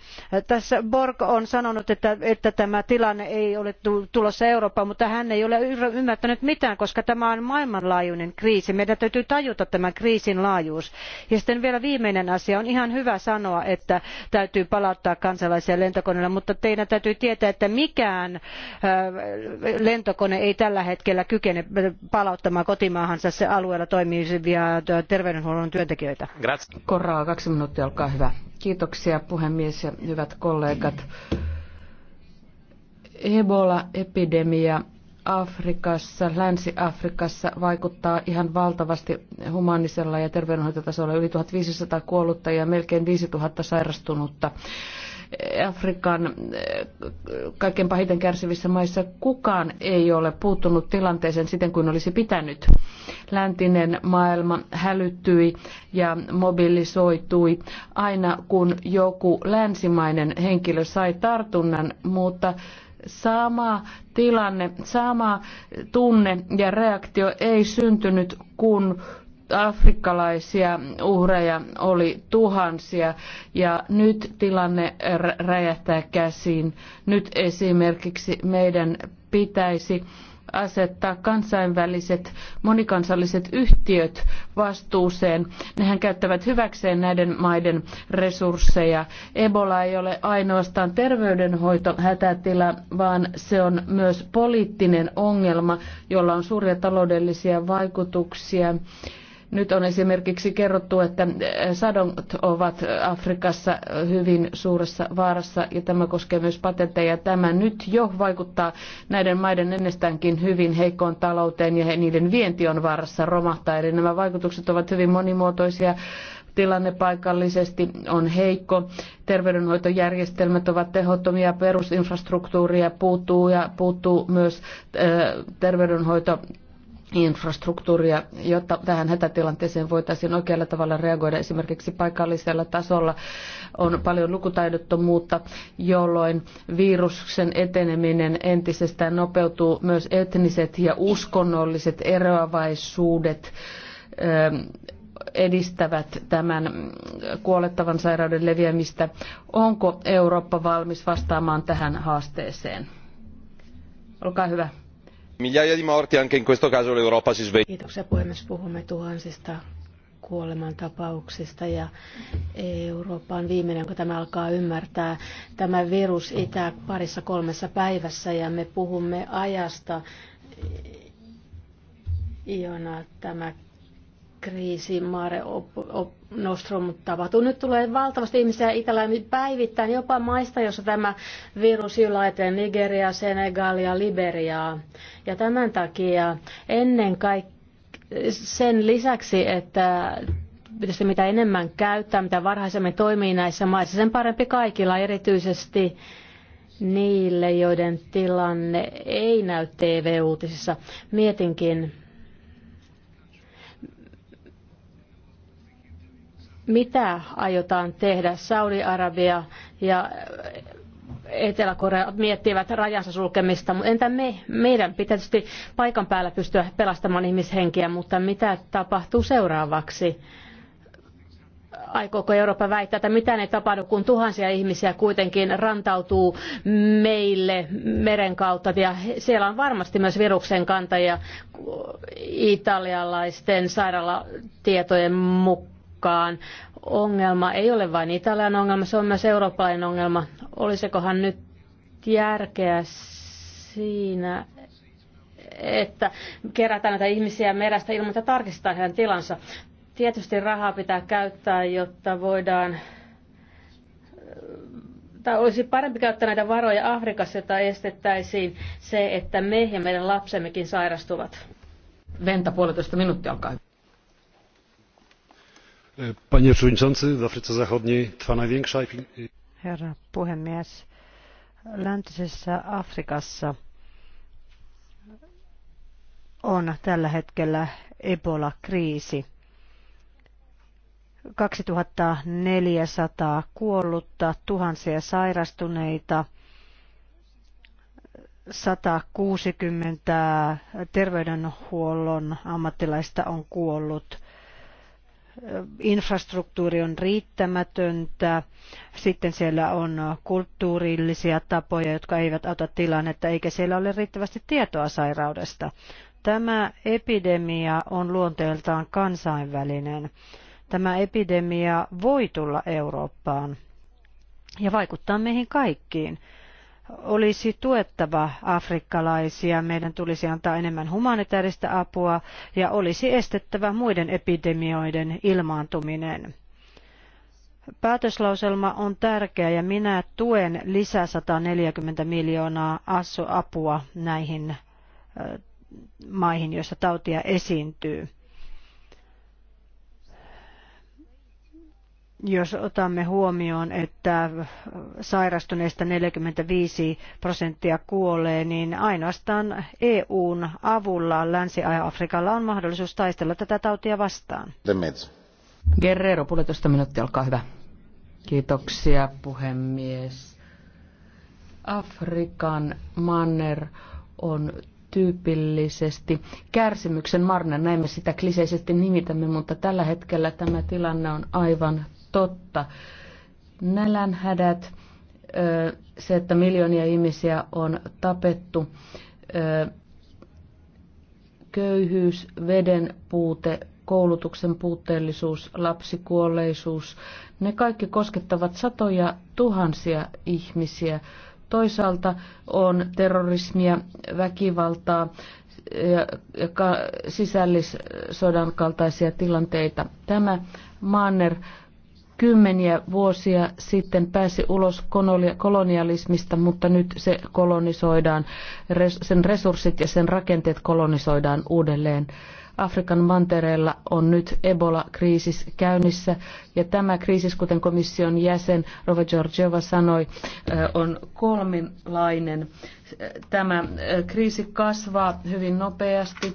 Speaker 3: Tässä Borg on sanonut, että, että tämä tilanne ei ole tulossa Eurooppaan, mutta hän ei ole ymmärtänyt mitään, koska tämä on maailmanlaajuinen kriisi. Meidän täytyy tajuta tämän kriisin laajuus. Ja sitten vielä viimeinen asia. On ihan hyvä sanoa, että täytyy palauttaa kansalaisia lentokoneella, mutta teidän täytyy tietää, että mikään äh, lentokone ei tällä hetkellä kykene palauttamaan kotimaahansa se alueella toimivia terveydenhuollon työntekijöitä.
Speaker 4: Grazie.
Speaker 1: Korraa kaksi minuuttia, olkaa hyvä. Kiitoksia puhemies ja hyvät kollegat. Ebola-epidemia Afrikassa, Länsi-Afrikassa vaikuttaa ihan valtavasti humanisella ja terveydenhoitotasolla yli 1500 kuollutta ja melkein 5000 sairastunutta. Afrikan eh, kaikkein pahiten kärsivissä maissa kukaan ei ole puuttunut tilanteeseen siten kuin olisi pitänyt. Läntinen maailma hälyttyi ja mobilisoitui aina kun joku länsimainen henkilö sai tartunnan, mutta sama tilanne, sama tunne ja reaktio ei syntynyt, kun afrikkalaisia uhreja oli tuhansia ja nyt tilanne räjähtää käsiin. Nyt esimerkiksi meidän pitäisi asettaa kansainväliset monikansalliset yhtiöt vastuuseen. Nehän käyttävät hyväkseen näiden maiden resursseja. Ebola ei ole ainoastaan hätätila, vaan se on myös poliittinen ongelma, jolla on suuria taloudellisia vaikutuksia. Nyt on esimerkiksi kerrottu, että eh, sadot ovat Afrikassa hyvin suuressa vaarassa ja tämä koskee myös patenteja. Tämä nyt jo vaikuttaa näiden maiden ennestäänkin hyvin heikkoon talouteen ja niiden vienti on vaarassa romahtaa. Eli nämä vaikutukset ovat hyvin monimuotoisia tilanne paikallisesti on heikko, terveydenhoitojärjestelmät ovat tehottomia, perusinfrastruktuuria puuttuu ja puuttuu myös eh, terveydenhoito infrastruktuuria, jotta tähän hätätilanteeseen voitaisiin oikealla tavalla reagoida. Esimerkiksi paikallisella tasolla on paljon lukutaidottomuutta, jolloin viruksen eteneminen entisestään nopeutuu myös etniset ja uskonnolliset eroavaisuudet ähm, edistävät tämän kuolettavan sairauden leviämistä. Onko Eurooppa valmis vastaamaan tähän haasteeseen? Olkaa hyvä. Kiitoksia puhemies. Puhumme tuhansista kuolemantapauksista
Speaker 4: ja Eurooppa on viimeinen, kun tämä alkaa ymmärtää. Tämä virus itää parissa kolmessa päivässä ja me puhumme ajasta, jona tämä kriisi Mare op, op, Nostrum tapahtuu. Nyt tulee valtavasti ihmisiä Italiaan päivittäin, jopa maista, jossa tämä virus laitetaan Nigeria, Senegalia, Liberiaa. Ja tämän takia ennen kaikkea sen lisäksi, että tietysti mitä enemmän käyttää, mitä varhaisemmin toimii näissä maissa, sen parempi kaikilla, erityisesti niille, joiden tilanne ei näy TV-uutisissa. Mietinkin, mitä aiotaan tehdä. Saudi-Arabia ja Etelä-Korea miettivät rajansa sulkemista, mutta entä me? Meidän pitää tietysti paikan päällä pystyä pelastamaan ihmishenkiä, mutta mitä tapahtuu seuraavaksi? Aikooko Eurooppa väittää, että mitään ei tapahdu, kun tuhansia ihmisiä kuitenkin rantautuu meille meren kautta. Ja siellä on varmasti myös viruksen kantajia italialaisten sairaalatietojen mukaan mukaan ongelma ei ole vain Italian ongelma, se on myös eurooppalainen ongelma. Olisikohan nyt järkeä siinä, että kerätään näitä ihmisiä merestä ilman, että tarkistetaan heidän tilansa. Tietysti rahaa pitää käyttää, jotta voidaan tai olisi parempi käyttää näitä varoja Afrikassa, jota estettäisiin se, että me ja meidän lapsemmekin sairastuvat.
Speaker 1: Venta puolitoista minuuttia, alkaa.
Speaker 2: Panie przewodniczący, w Afryce Zachodniej trwa największa...
Speaker 1: Herra puhemies,
Speaker 3: läntisessä Afrikassa on tällä hetkellä Ebola-kriisi. 2400 kuollutta, tuhansia sairastuneita, 160 terveydenhuollon ammattilaista on kuollut – infrastruktuuri on riittämätöntä. Sitten siellä on kulttuurillisia tapoja, jotka eivät auta tilannetta, eikä siellä ole riittävästi tietoa sairaudesta. Tämä epidemia on luonteeltaan kansainvälinen. Tämä epidemia voi tulla Eurooppaan ja vaikuttaa meihin kaikkiin olisi tuettava afrikkalaisia, meidän tulisi antaa enemmän humanitaarista apua ja olisi estettävä muiden epidemioiden ilmaantuminen. Päätöslauselma on tärkeä ja minä tuen lisää 140 miljoonaa apua näihin maihin, joissa tautia esiintyy. jos otamme huomioon, että sairastuneista 45 prosenttia kuolee, niin ainoastaan EUn avulla Länsi-Afrikalla on mahdollisuus taistella tätä tautia vastaan.
Speaker 1: Guerrero, puolitoista minuuttia, olkaa hyvä. Kiitoksia, puhemies. Afrikan manner on tyypillisesti kärsimyksen marne näin me sitä kliseisesti nimitämme, mutta tällä hetkellä tämä tilanne on aivan totta. Nälänhädät, se, että miljoonia ihmisiä on tapettu, köyhyys, veden puute, koulutuksen puutteellisuus, lapsikuolleisuus, ne kaikki koskettavat satoja tuhansia ihmisiä. Toisaalta on terrorismia, väkivaltaa ja, sisällissodan kaltaisia tilanteita. Tämä Manner kymmeniä vuosia sitten pääsi ulos kolonialismista, mutta nyt se kolonisoidaan, sen resurssit ja sen rakenteet kolonisoidaan uudelleen. Afrikan mantereella on nyt Ebola-kriisis käynnissä ja tämä kriisis, kuten komission jäsen Rova Georgieva sanoi, on kolminlainen. Tämä kriisi kasvaa hyvin nopeasti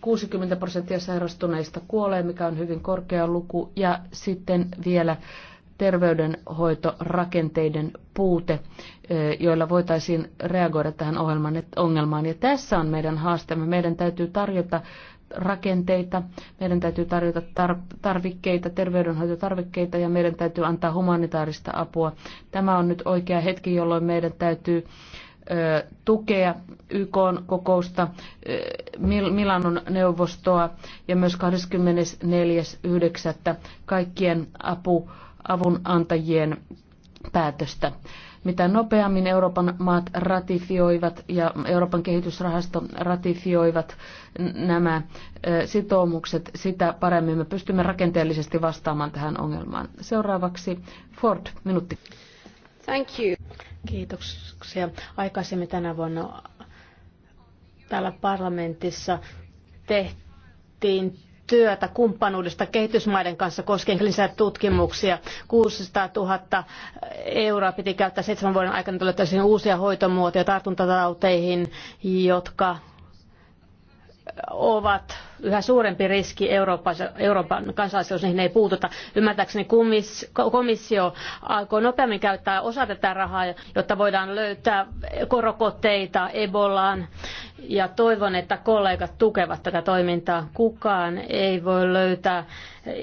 Speaker 1: 60 prosenttia sairastuneista kuolee, mikä on hyvin korkea luku, ja sitten vielä terveydenhoitorakenteiden puute, joilla voitaisiin reagoida tähän ongelmaan. Ja tässä on meidän haasteemme. Meidän täytyy tarjota rakenteita, meidän täytyy tarjota tar- tarvikkeita, terveydenhoitotarvikkeita ja meidän täytyy antaa humanitaarista apua. Tämä on nyt oikea hetki, jolloin meidän täytyy ö, tukea YK-kokousta, eh, Milanon neuvostoa ja myös 24.9. kaikkien apu, avunantajien päätöstä. Mitä nopeammin Euroopan maat ratifioivat ja Euroopan kehitysrahasto ratifioivat nämä eh, sitoumukset, sitä paremmin me pystymme rakenteellisesti vastaamaan tähän ongelmaan. Seuraavaksi Ford, minuutti.
Speaker 3: Thank
Speaker 4: you. Kiitoksia. Aikaisemmin tänä vuonna täällä parlamentissa tehtiin työtä kumppanuudesta kehitysmaiden kanssa koskien lisää tutkimuksia. 600 000 euroa piti käyttää seitsemän vuoden aikana löytäisiin uusia hoitomuotoja tartuntatauteihin, jotka ovat yhä suurempi riski Euroopan, Euroopan kansalaisille, jos niihin ei puututa. Ymmärtääkseni komissio alkoi nopeammin käyttää osa tätä rahaa, jotta voidaan löytää korokotteita Ebolaan. Ja toivon, että kollegat tukevat tätä toimintaa. Kukaan ei voi löytää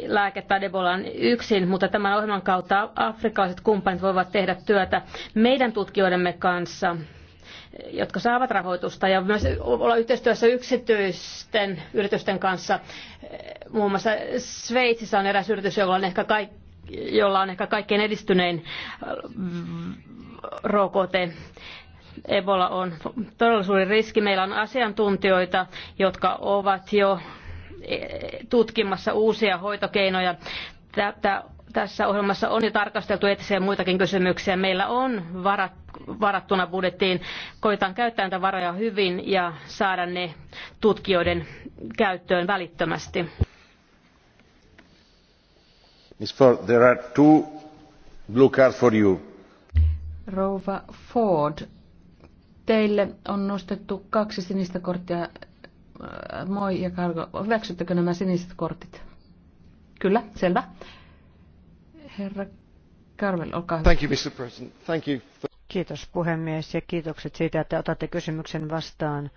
Speaker 4: lääkettä Ebolaan yksin, mutta tämän ohjelman kautta afrikkalaiset kumppanit voivat tehdä työtä meidän tutkijoidemme kanssa jotka saavat rahoitusta ja myös olla yhteistyössä yksityisten yritysten kanssa. Muun muassa Sveitsissä on eräs yritys, jolla on ehkä, kaik- jolla on ehkä kaikkein edistynein äh, rokote. Ebola on todella suuri riski. Meillä on asiantuntijoita, jotka ovat jo e, tutkimassa uusia hoitokeinoja. Tätä tässä ohjelmassa on jo tarkasteltu etisiä muitakin kysymyksiä. Meillä on varat, varattuna budjettiin. Koitan käyttää näitä varoja hyvin ja saada ne tutkijoiden käyttöön välittömästi.
Speaker 2: Miss Ford, there are two blue for you.
Speaker 1: Rouva Ford, teille on nostettu kaksi sinistä korttia. Äh, moi ja karko, hyväksyttekö nämä siniset kortit? Kyllä, selvä. Herra Carmel,
Speaker 5: olkaa hyvä. Thank you, Mr. President. Thank you
Speaker 3: for... Kiitos puhemies ja kiitokset siitä, että otatte kysymyksen vastaan.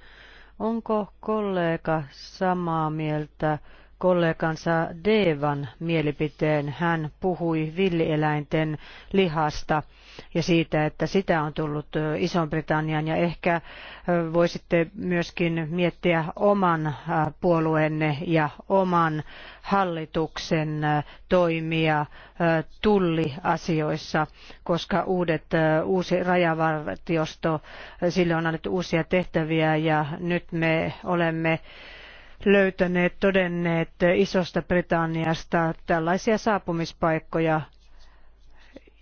Speaker 3: Onko kollega samaa mieltä kollegansa Devan mielipiteen. Hän puhui villieläinten lihasta ja siitä, että sitä on tullut Iso-Britannian ja ehkä voisitte myöskin miettiä oman puolueenne ja oman hallituksen äh, toimia äh, tulliasioissa, koska uudet, äh, uusi rajavartiosto, sille on annettu uusia tehtäviä ja nyt me olemme löytäneet, todenneet Isosta Britanniasta tällaisia saapumispaikkoja,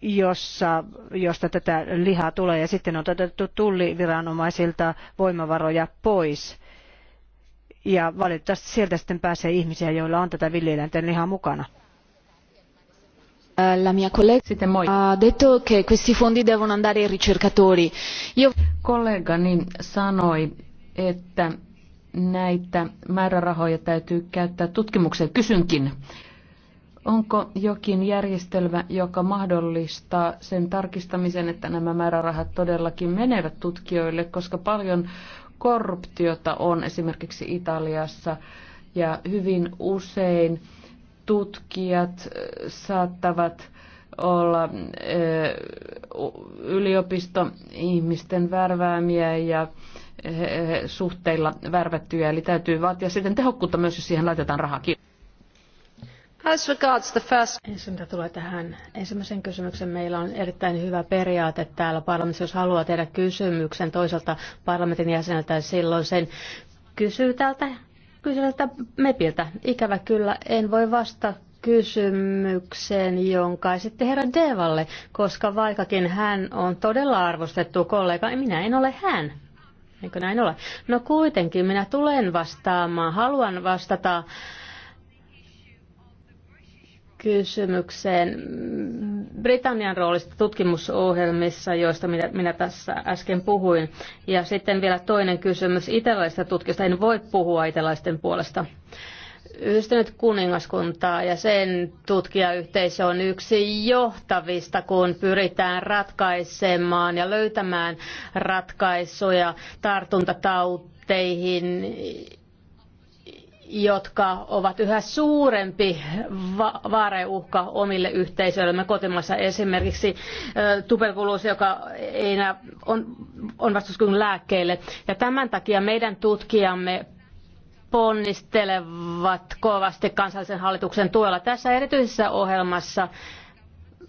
Speaker 3: jossa, josta tätä lihaa tulee ja sitten on otettu tulliviranomaisilta voimavaroja pois ja valitettavasti sieltä sitten pääsee ihmisiä, joilla on tätä villieläinten lihaa mukana.
Speaker 1: Äh, la mia collega ha detto che questi fondi devono andare ai ricercatori. Io... Kollegani sanoi, että näitä määrärahoja täytyy käyttää tutkimukseen. Kysynkin, onko jokin järjestelmä, joka mahdollistaa sen tarkistamisen, että nämä määrärahat todellakin menevät tutkijoille, koska paljon korruptiota on esimerkiksi Italiassa ja hyvin usein tutkijat saattavat olla yliopistoihmisten värväämiä ja suhteilla värvättyjä, eli täytyy vaatia sitten tehokkuutta myös, jos siihen laitetaan rahaa. Kiitos. As
Speaker 4: regards the first... Ensin mitä tulee tähän ensimmäisen kysymykseen, meillä on erittäin hyvä periaate täällä parlamentissa, jos haluaa tehdä kysymyksen toiselta parlamentin jäseneltä, niin silloin sen kysyy tältä, kysyy MEPiltä. Ikävä kyllä, en voi vastata kysymykseen, jonka esitti herra Devalle, koska vaikkakin hän on todella arvostettu kollega, niin minä en ole hän. Eikö näin ole? No kuitenkin minä tulen vastaamaan, haluan vastata kysymykseen Britannian roolista tutkimusohjelmissa, joista minä, minä tässä äsken puhuin. Ja sitten vielä toinen kysymys italaisista tutkijoista. En voi puhua italaisten puolesta. Yhdistynyt kuningaskuntaa ja sen tutkijayhteisö on yksi johtavista, kun pyritään ratkaisemaan ja löytämään ratkaisuja tartuntatauteihin jotka ovat yhä suurempi va- vaareuhka omille yhteisöillemme kotimaassa. Esimerkiksi tuberkuloosi, joka ei enää on, on vastuskyvyn lääkkeille. Ja tämän takia meidän tutkijamme ponnistelevat kovasti kansallisen hallituksen tuella. Tässä erityisessä ohjelmassa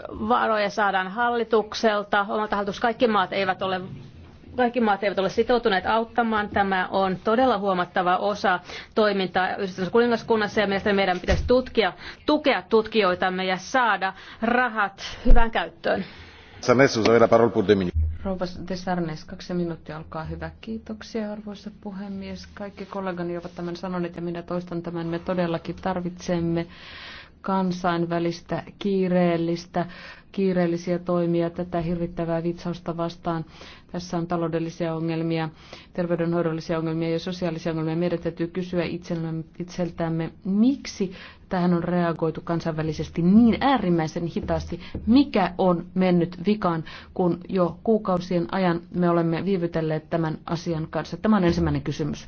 Speaker 4: varoja saadaan hallitukselta, omalta hallitus, kaikki maat eivät ole kaikki maat eivät ole sitoutuneet auttamaan. Tämä on todella huomattava osa toimintaa yhdistyneessä kuningaskunnassa ja mielestäni meidän pitäisi tutkia, tukea
Speaker 1: tutkijoitamme ja saada rahat hyvään käyttöön. Rouva Desarnes, kaksi minuuttia, olkaa hyvä. Kiitoksia arvoisa puhemies. Kaikki kollegani ovat tämän sanoneet ja minä toistan tämän. Me todellakin tarvitsemme kansainvälistä kiireellistä, kiireellisiä toimia tätä hirvittävää vitsausta vastaan. Tässä on taloudellisia ongelmia, terveydenhoidollisia ongelmia ja sosiaalisia ongelmia. Meidän täytyy kysyä itseltämme, miksi tähän on reagoitu kansainvälisesti niin äärimmäisen hitaasti. Mikä on mennyt vikaan, kun jo kuukausien ajan me olemme viivytelleet tämän asian kanssa? Tämä on ensimmäinen kysymys.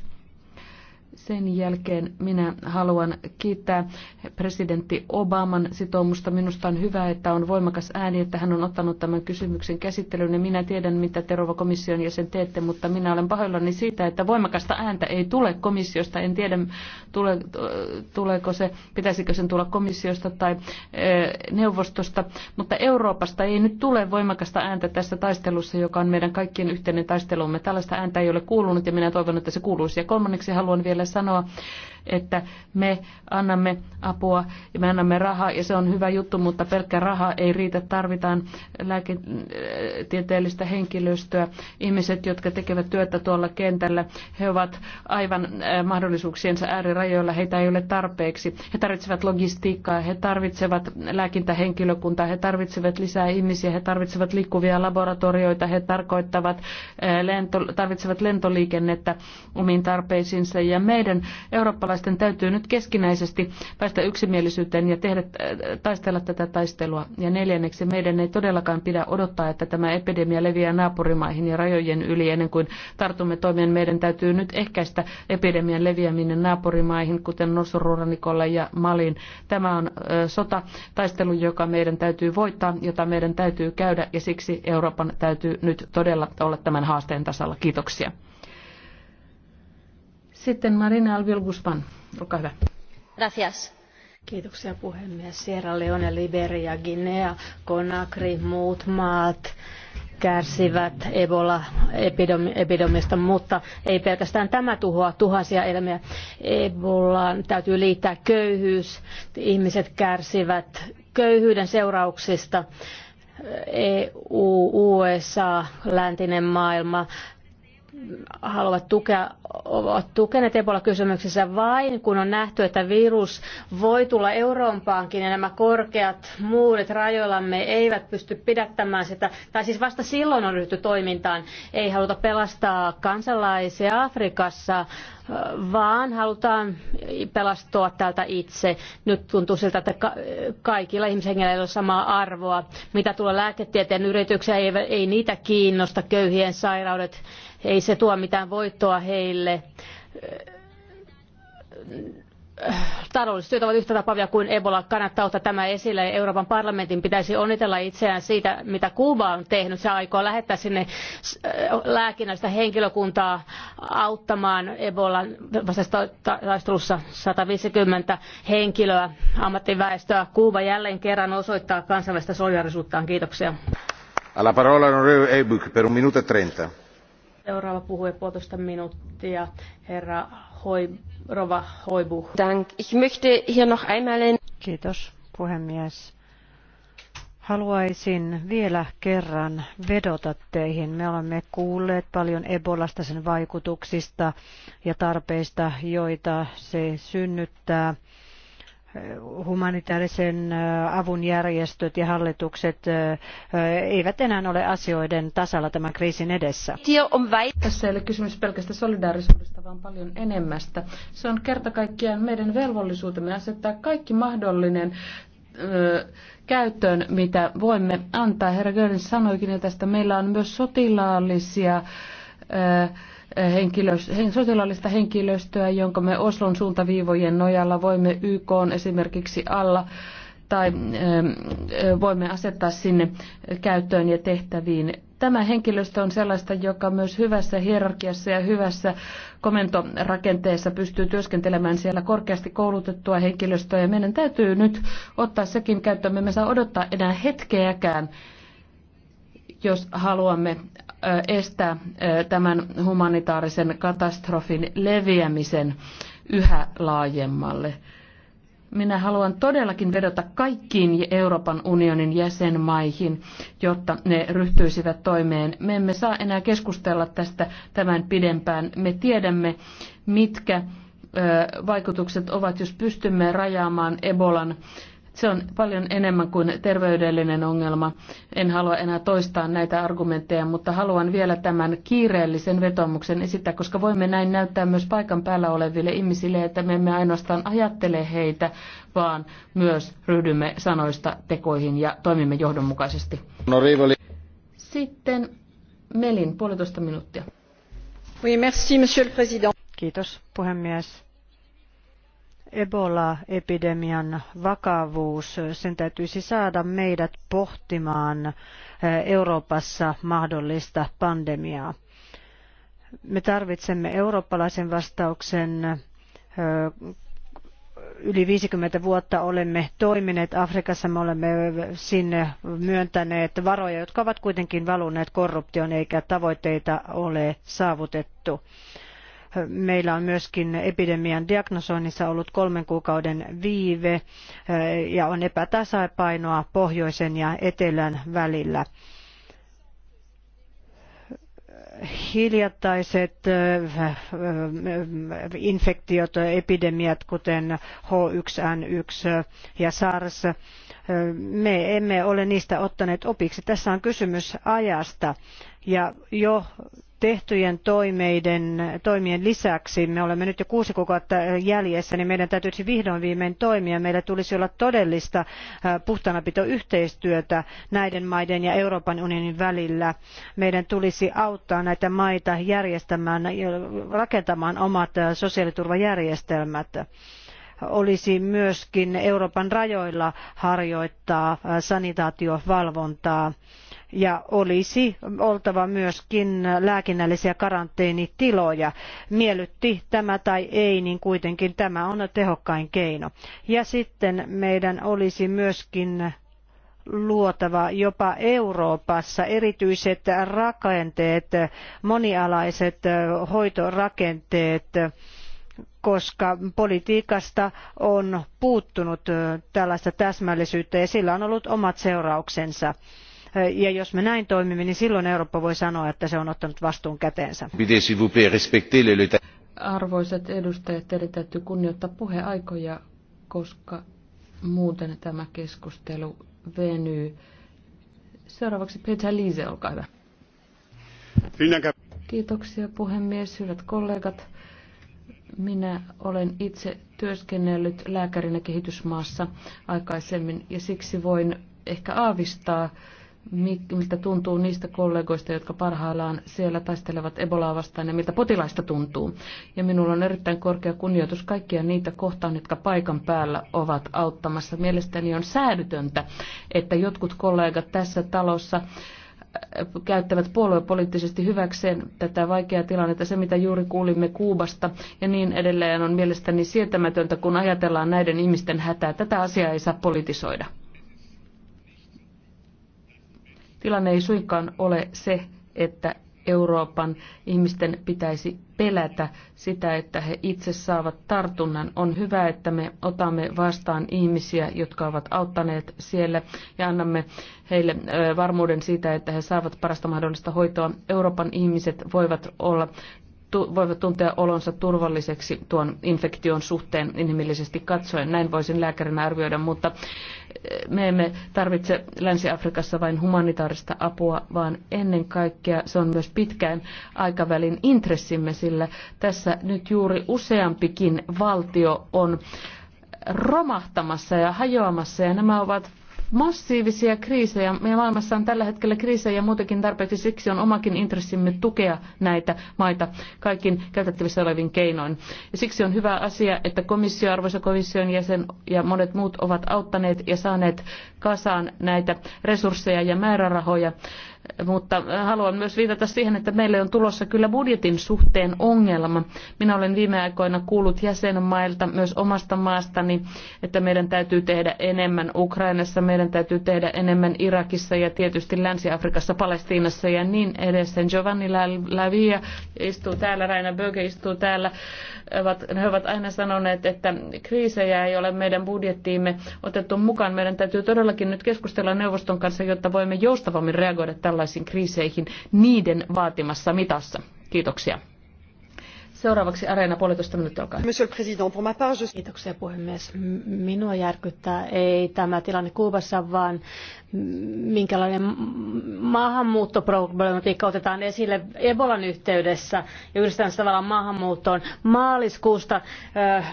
Speaker 1: Sen jälkeen minä haluan kiittää presidentti Obaman sitoumusta. Minusta on hyvä, että on voimakas ääni, että hän on ottanut tämän kysymyksen käsittelyyn. Ja minä tiedän, mitä Terova komission jäsen teette, mutta minä olen pahoillani siitä, että voimakasta ääntä ei tule komissiosta. En tiedä, tule, tuleeko se, pitäisikö sen tulla komissiosta tai e, neuvostosta, mutta Euroopasta ei nyt tule voimakasta ääntä tässä taistelussa, joka on meidän kaikkien yhteinen taistelumme. Tällaista ääntä ei ole kuulunut ja minä toivon, että se kuuluisi. Ja kolmanneksi haluan vielä sanoa että me annamme apua ja me annamme rahaa ja se on hyvä juttu, mutta pelkkä raha ei riitä. Tarvitaan lääketieteellistä henkilöstöä. Ihmiset, jotka tekevät työtä tuolla kentällä, he ovat aivan äh, mahdollisuuksiensa äärirajoilla. Heitä ei ole tarpeeksi. He tarvitsevat logistiikkaa, he tarvitsevat lääkintähenkilökuntaa, he tarvitsevat lisää ihmisiä, he tarvitsevat liikkuvia laboratorioita, he tarkoittavat äh, lento, tarvitsevat lentoliikennettä omiin tarpeisiinsa ja meidän eurooppalaiset viranomaisten täytyy nyt keskinäisesti päästä yksimielisyyteen ja tehdä, taistella tätä taistelua. Ja neljänneksi meidän ei todellakaan pidä odottaa, että tämä epidemia leviää naapurimaihin ja rajojen yli ennen kuin tartumme toimeen. Meidän täytyy nyt ehkäistä epidemian leviäminen naapurimaihin, kuten Norsururannikolle ja Malin. Tämä on sota, taistelu, joka meidän täytyy voittaa, jota meidän täytyy käydä ja siksi Euroopan täytyy nyt todella olla tämän haasteen tasalla. Kiitoksia. Sitten Marina Alvilguspan, olkaa hyvä.
Speaker 4: Gracias. Kiitoksia puhemies. Sierra Leone, Liberia, Guinea, Conakry, muut maat kärsivät Ebola-epidemiasta, mutta ei pelkästään tämä tuhoa tuhansia elämiä. Ebolaan täytyy liittää köyhyys. Ihmiset kärsivät köyhyyden seurauksista. EU, USA, läntinen maailma haluavat tukea, ovat tukeneet Ebola-kysymyksessä vain, kun on nähty, että virus voi tulla Euroopaankin ja nämä korkeat muurit rajoillamme eivät pysty pidättämään sitä. Tai siis vasta silloin on ryhty toimintaan. Ei haluta pelastaa kansalaisia Afrikassa, vaan halutaan pelastua täältä itse. Nyt tuntuu siltä, että kaikilla ihmishengillä ei ole samaa arvoa. Mitä tulee lääketieteen yrityksiä, ei, ei niitä kiinnosta köyhien sairaudet ei se tuo mitään voittoa heille. Taloudelliset syyt ovat yhtä tapavia kuin Ebola. Kannattaa ottaa tämä esille. Euroopan parlamentin pitäisi onnitella itseään siitä, mitä Kuuba on tehnyt. Se aikoo lähettää sinne äh, lääkinnällistä henkilökuntaa auttamaan Ebolan vastaista taistelussa 150 henkilöä, ammattiväestöä. Kuuba jälleen kerran osoittaa kansainvälistä solidarisuuttaan. Kiitoksia.
Speaker 2: Alla parola onorevole Eibuk per un minuto e
Speaker 4: Seuraava puhuja puolitoista minuuttia, herra
Speaker 3: Hoi, Rova Hoibu. Dank. Ich möchte hier noch einmal in... Kiitos, puhemies. Haluaisin vielä kerran vedota teihin. Me olemme kuulleet paljon Ebolasta, sen vaikutuksista ja tarpeista, joita se synnyttää humanitaarisen äh, avun järjestöt ja hallitukset äh, eivät enää ole asioiden tasalla tämän kriisin edessä.
Speaker 1: Tässä ei ole kysymys pelkästä solidaarisuudesta, vaan paljon enemmästä. Se on kerta kaikkiaan meidän velvollisuutemme asettaa kaikki mahdollinen äh, käyttöön, mitä voimme antaa. Herra Görens sanoikin jo tästä, meillä on myös sotilaallisia henkilöst, sotilaallista henkilöstöä, jonka me Oslon suuntaviivojen nojalla voimme YK on esimerkiksi alla tai ähm, äh, voimme asettaa sinne käyttöön ja tehtäviin. Tämä henkilöstö on sellaista, joka myös hyvässä hierarkiassa ja hyvässä komentorakenteessa pystyy työskentelemään siellä korkeasti koulutettua henkilöstöä. Ja meidän täytyy nyt ottaa sekin käyttöön. Me emme saa odottaa enää hetkeäkään, jos haluamme estää tämän humanitaarisen katastrofin leviämisen yhä laajemmalle. Minä haluan todellakin vedota kaikkiin Euroopan unionin jäsenmaihin, jotta ne ryhtyisivät toimeen. Me emme saa enää keskustella tästä tämän pidempään. Me tiedämme, mitkä vaikutukset ovat, jos pystymme rajaamaan Ebolan se on paljon enemmän kuin terveydellinen ongelma. En halua enää toistaa näitä argumentteja, mutta haluan vielä tämän kiireellisen vetomuksen esittää, koska voimme näin näyttää myös paikan päällä oleville ihmisille, että me emme ainoastaan ajattele heitä, vaan myös ryhdymme sanoista tekoihin ja toimimme johdonmukaisesti. No, Sitten Melin puolitoista minuuttia. Oui, merci, monsieur le président. Kiitos
Speaker 3: puhemies Ebola-epidemian vakavuus, sen täytyisi saada meidät pohtimaan eh, Euroopassa mahdollista pandemiaa. Me tarvitsemme eurooppalaisen vastauksen. Eh, yli 50 vuotta olemme toimineet Afrikassa, me olemme sinne myöntäneet varoja, jotka ovat kuitenkin valuneet korruptioon eikä tavoitteita ole saavutettu. Meillä on myöskin epidemian diagnosoinnissa ollut kolmen kuukauden viive eh, ja on epätasapainoa pohjoisen ja etelän välillä hiljattaiset eh, infektiot, epidemiat, kuten H1N1 ja SARS, eh, me emme ole niistä ottaneet opiksi. Tässä on kysymys ajasta ja jo tehtyjen toimeiden, toimien lisäksi, me olemme nyt jo kuusi kuukautta jäljessä, niin meidän täytyisi vihdoin viimein toimia. Meillä tulisi olla todellista äh, puhtaanapitoyhteistyötä näiden maiden ja Euroopan unionin välillä. Meidän tulisi auttaa näitä maita järjestämään, rakentamaan omat äh, sosiaaliturvajärjestelmät olisi myöskin Euroopan rajoilla harjoittaa äh, sanitaatiovalvontaa ja olisi oltava myöskin lääkinnällisiä karanteenitiloja. Miellytti tämä tai ei, niin kuitenkin tämä on tehokkain keino. Ja sitten meidän olisi myöskin luotava jopa Euroopassa erityiset rakenteet, monialaiset hoitorakenteet, koska politiikasta on puuttunut tällaista täsmällisyyttä ja sillä on ollut omat seurauksensa. Ja jos me näin toimimme, niin silloin Eurooppa voi
Speaker 1: sanoa, että se on ottanut vastuun käteensä. Arvoisat edustajat, teidän täytyy kunnioittaa puheaikoja, koska muuten tämä keskustelu venyy. Seuraavaksi Peter Liise, olkaa hyvä. Kiitoksia puhemies, hyvät kollegat. Minä olen itse työskennellyt lääkärinä kehitysmaassa aikaisemmin ja siksi voin ehkä aavistaa, miltä tuntuu niistä kollegoista, jotka parhaillaan siellä taistelevat Ebolaa vastaan ja miltä potilaista tuntuu. Ja minulla on erittäin korkea kunnioitus kaikkia niitä kohtaan, jotka paikan päällä ovat auttamassa. Mielestäni on säädytöntä, että jotkut kollegat tässä talossa äh, käyttävät puoluepoliittisesti hyväkseen tätä vaikeaa tilannetta. Se, mitä juuri kuulimme Kuubasta ja niin edelleen, on mielestäni sietämätöntä, kun ajatellaan näiden ihmisten hätää. Tätä asiaa ei saa politisoida. Tilanne ei suinkaan ole se, että Euroopan ihmisten pitäisi pelätä sitä, että he itse saavat tartunnan. On hyvä, että me otamme vastaan ihmisiä, jotka ovat auttaneet siellä ja annamme heille varmuuden siitä, että he saavat parasta mahdollista hoitoa. Euroopan ihmiset voivat olla voivat tuntea olonsa turvalliseksi tuon infektion suhteen inhimillisesti katsoen. Näin voisin lääkärinä arvioida, mutta eh, me emme tarvitse Länsi-Afrikassa vain humanitaarista apua, vaan ennen kaikkea se on myös pitkään aikavälin intressimme, sillä tässä nyt juuri useampikin valtio on romahtamassa ja hajoamassa ja nämä ovat massiivisia kriisejä. Meidän maailmassa on tällä hetkellä kriisejä muutenkin tarpeeksi, siksi on omakin intressimme tukea näitä maita kaikin käytettävissä olevin keinoin. Ja siksi on hyvä asia, että komissio, arvoisa komission jäsen ja monet muut ovat auttaneet ja saaneet kasaan näitä resursseja ja määrärahoja mutta haluan myös viitata siihen, että meille on tulossa kyllä budjetin suhteen ongelma. Minä olen viime aikoina kuullut jäsenmailta, myös omasta maastani, että meidän täytyy tehdä enemmän Ukrainassa, meidän täytyy tehdä enemmän Irakissa ja tietysti Länsi-Afrikassa, Palestiinassa ja niin edessä. Giovanni Lavia istuu täällä, Raina Böge istuu täällä. He ovat aina sanoneet, että kriisejä ei ole meidän budjettiimme otettu mukaan. Meidän täytyy todellakin nyt keskustella neuvoston kanssa, jotta voimme joustavammin reagoida tällä tällaisiin kriiseihin niiden vaatimassa mitassa. Kiitoksia. Seuraavaksi Areena puolitoista minuuttia, olkaa
Speaker 4: Monsieur le Président, pour ma part, je... Kiitoksia puhemies. Minua järkyttää ei tämä tilanne Kuubassa, vaan minkälainen maahanmuuttoproblematiikka otetaan esille Ebolan yhteydessä ja yhdistetään tavallaan maahanmuuttoon. Maaliskuusta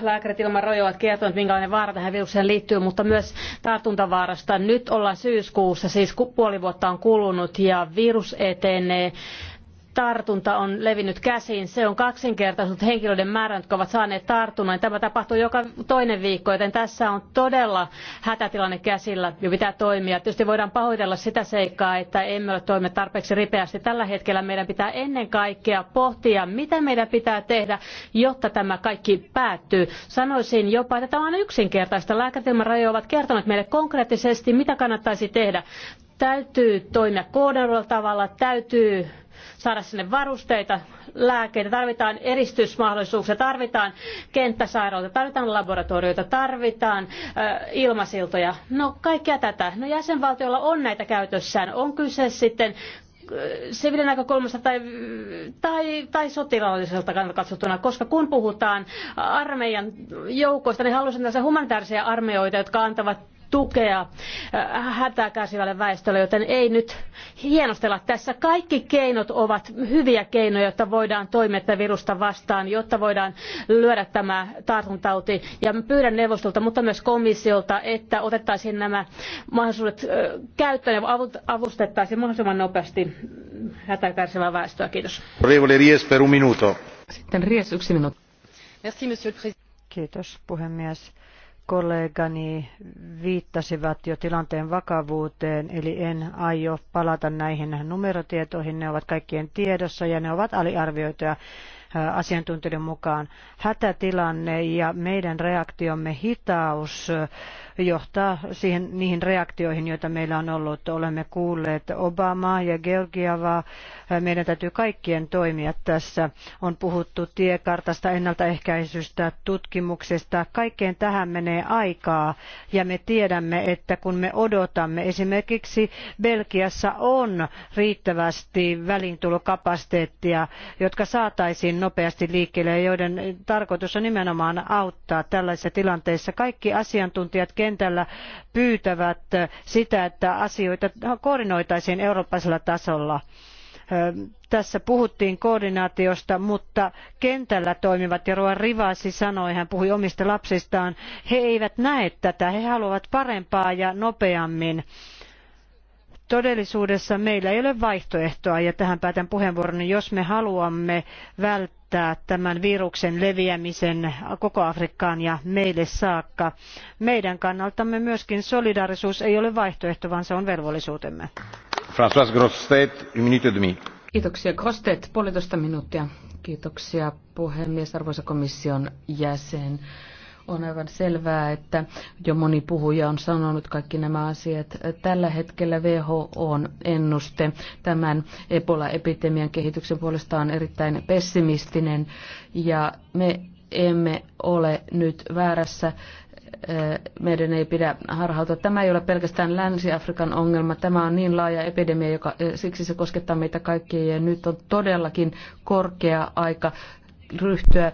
Speaker 4: lääkärit ilman rajoja ovat kertoneet, minkälainen vaara tähän virukseen liittyy, mutta myös tartuntavaarasta. Nyt ollaan syyskuussa, siis puoli vuotta on kulunut ja virus etenee tartunta on levinnyt käsiin. Se on kaksinkertaistunut henkilöiden määrän, jotka ovat saaneet tartunnan. Tämä tapahtuu joka toinen viikko, joten tässä on todella hätätilanne käsillä ja pitää toimia. Tietysti voidaan pahoitella sitä seikkaa, että emme ole toimineet tarpeeksi ripeästi. Tällä hetkellä meidän pitää ennen kaikkea pohtia, mitä meidän pitää tehdä, jotta tämä kaikki päättyy. Sanoisin jopa, että tämä on yksinkertaista. Lääketilman rajoja ovat kertoneet meille konkreettisesti, mitä kannattaisi tehdä. Täytyy toimia koordinoidulla tavalla, täytyy saada sinne varusteita, lääkkeitä, tarvitaan eristysmahdollisuuksia, tarvitaan kenttäsairaaloita, tarvitaan laboratorioita, tarvitaan ilmasiltoja. No kaikkea tätä. No jäsenvaltioilla on näitä käytössään. On kyse sitten siviilinäkökulmasta tai, tai, tai sotilaalliselta kannalta katsottuna, koska kun puhutaan armeijan joukoista, niin haluaisin tässä humanitaarisia armeijoita, jotka antavat tukea äh, hätää kärsivälle väestölle, joten ei nyt hienostella tässä. Kaikki keinot ovat hyviä keinoja, jotta voidaan toimia tätä virusta vastaan, jotta voidaan lyödä tämä tartuntauti. Ja pyydän neuvostolta, mutta myös komissiolta, että otettaisiin nämä mahdollisuudet äh, käyttöön ja avustettaisiin mahdollisimman nopeasti hätää
Speaker 1: kärsivää väestöä. Kiitos. Sitten Ries, yksi minuutti.
Speaker 3: Kiitos puhemies kollegani viittasivat jo tilanteen vakavuuteen, eli en aio palata näihin numerotietoihin. Ne ovat kaikkien tiedossa ja ne ovat aliarvioituja asiantuntijoiden mukaan. Hätätilanne ja meidän reaktiomme hitaus johtaa siihen, niihin reaktioihin, joita meillä on ollut. Olemme kuulleet Obamaa ja Georgiavaa. Meidän täytyy kaikkien toimia tässä. On puhuttu tiekartasta, ennaltaehkäisystä, tutkimuksesta. Kaikkeen tähän menee aikaa ja me tiedämme, että kun me odotamme, esimerkiksi Belgiassa on riittävästi väliintulokapasiteettia, jotka saataisiin nopeasti liikkeelle ja joiden tarkoitus on nimenomaan auttaa tällaisissa tilanteissa. Kaikki asiantuntijat kentällä pyytävät sitä, että asioita koordinoitaisiin eurooppalaisella tasolla tässä puhuttiin koordinaatiosta mutta kentällä toimivat ja ruoan rivasi sanoi hän puhui omista lapsistaan he eivät näe tätä he haluavat parempaa ja nopeammin Todellisuudessa meillä ei ole vaihtoehtoa, ja tähän päätän puheenvuoroni, jos me haluamme välttää tämän viruksen leviämisen koko Afrikkaan ja meille saakka. Meidän kannaltamme myöskin solidaarisuus
Speaker 1: ei ole vaihtoehto, vaan se on velvollisuutemme.
Speaker 2: François Grosstedt, minuutti demi.
Speaker 1: Kiitoksia. Grosstedt, puolitoista minuuttia. Kiitoksia puhemies, arvoisa komission jäsen. On aivan selvää, että jo moni puhuja on sanonut kaikki nämä asiat. Tällä hetkellä WHO on ennuste tämän Ebola-epidemian kehityksen puolesta on erittäin pessimistinen ja me emme ole nyt väärässä meidän ei pidä harhautua. Tämä ei ole pelkästään Länsi-Afrikan ongelma. Tämä on niin laaja epidemia, joka, siksi se koskettaa meitä kaikkia. Ja nyt on todellakin korkea aika ryhtyä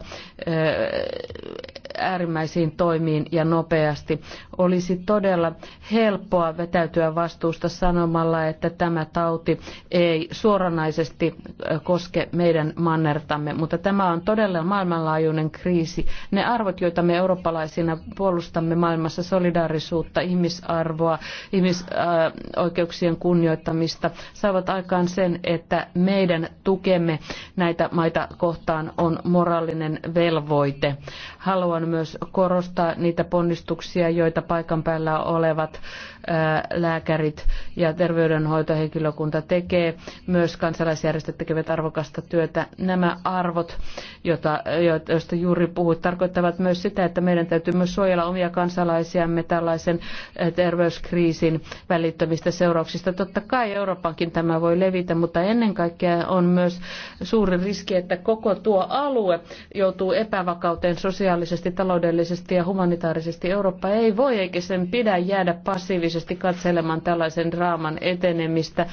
Speaker 1: äärimmäisiin toimiin ja nopeasti. Olisi todella helppoa vetäytyä vastuusta sanomalla, että tämä tauti ei suoranaisesti koske meidän mannertamme, mutta tämä on todella maailmanlaajuinen kriisi. Ne arvot, joita me eurooppalaisina puolustamme maailmassa, solidaarisuutta, ihmisarvoa, ihmisoikeuksien kunnioittamista, saavat aikaan sen, että meidän tukemme näitä maita kohtaan on moraalinen velvoite. Haluan myös korostaa niitä ponnistuksia, joita paikan päällä olevat lääkärit ja terveydenhoitohenkilökunta tekee. Myös kansalaisjärjestöt tekevät arvokasta työtä. Nämä arvot, joita, joista juuri puhut, tarkoittavat myös sitä, että meidän täytyy myös suojella omia kansalaisiamme tällaisen terveyskriisin välittömistä seurauksista. Totta kai Euroopankin tämä voi levitä, mutta ennen kaikkea on myös suuri riski, että koko tuo alue joutuu epävakauteen sosiaalisesti, taloudellisesti ja humanitaarisesti. Eurooppa ei voi eikä sen pidä jäädä passiivisesti kriittisesti katselemaan tällaisen draaman etenemistä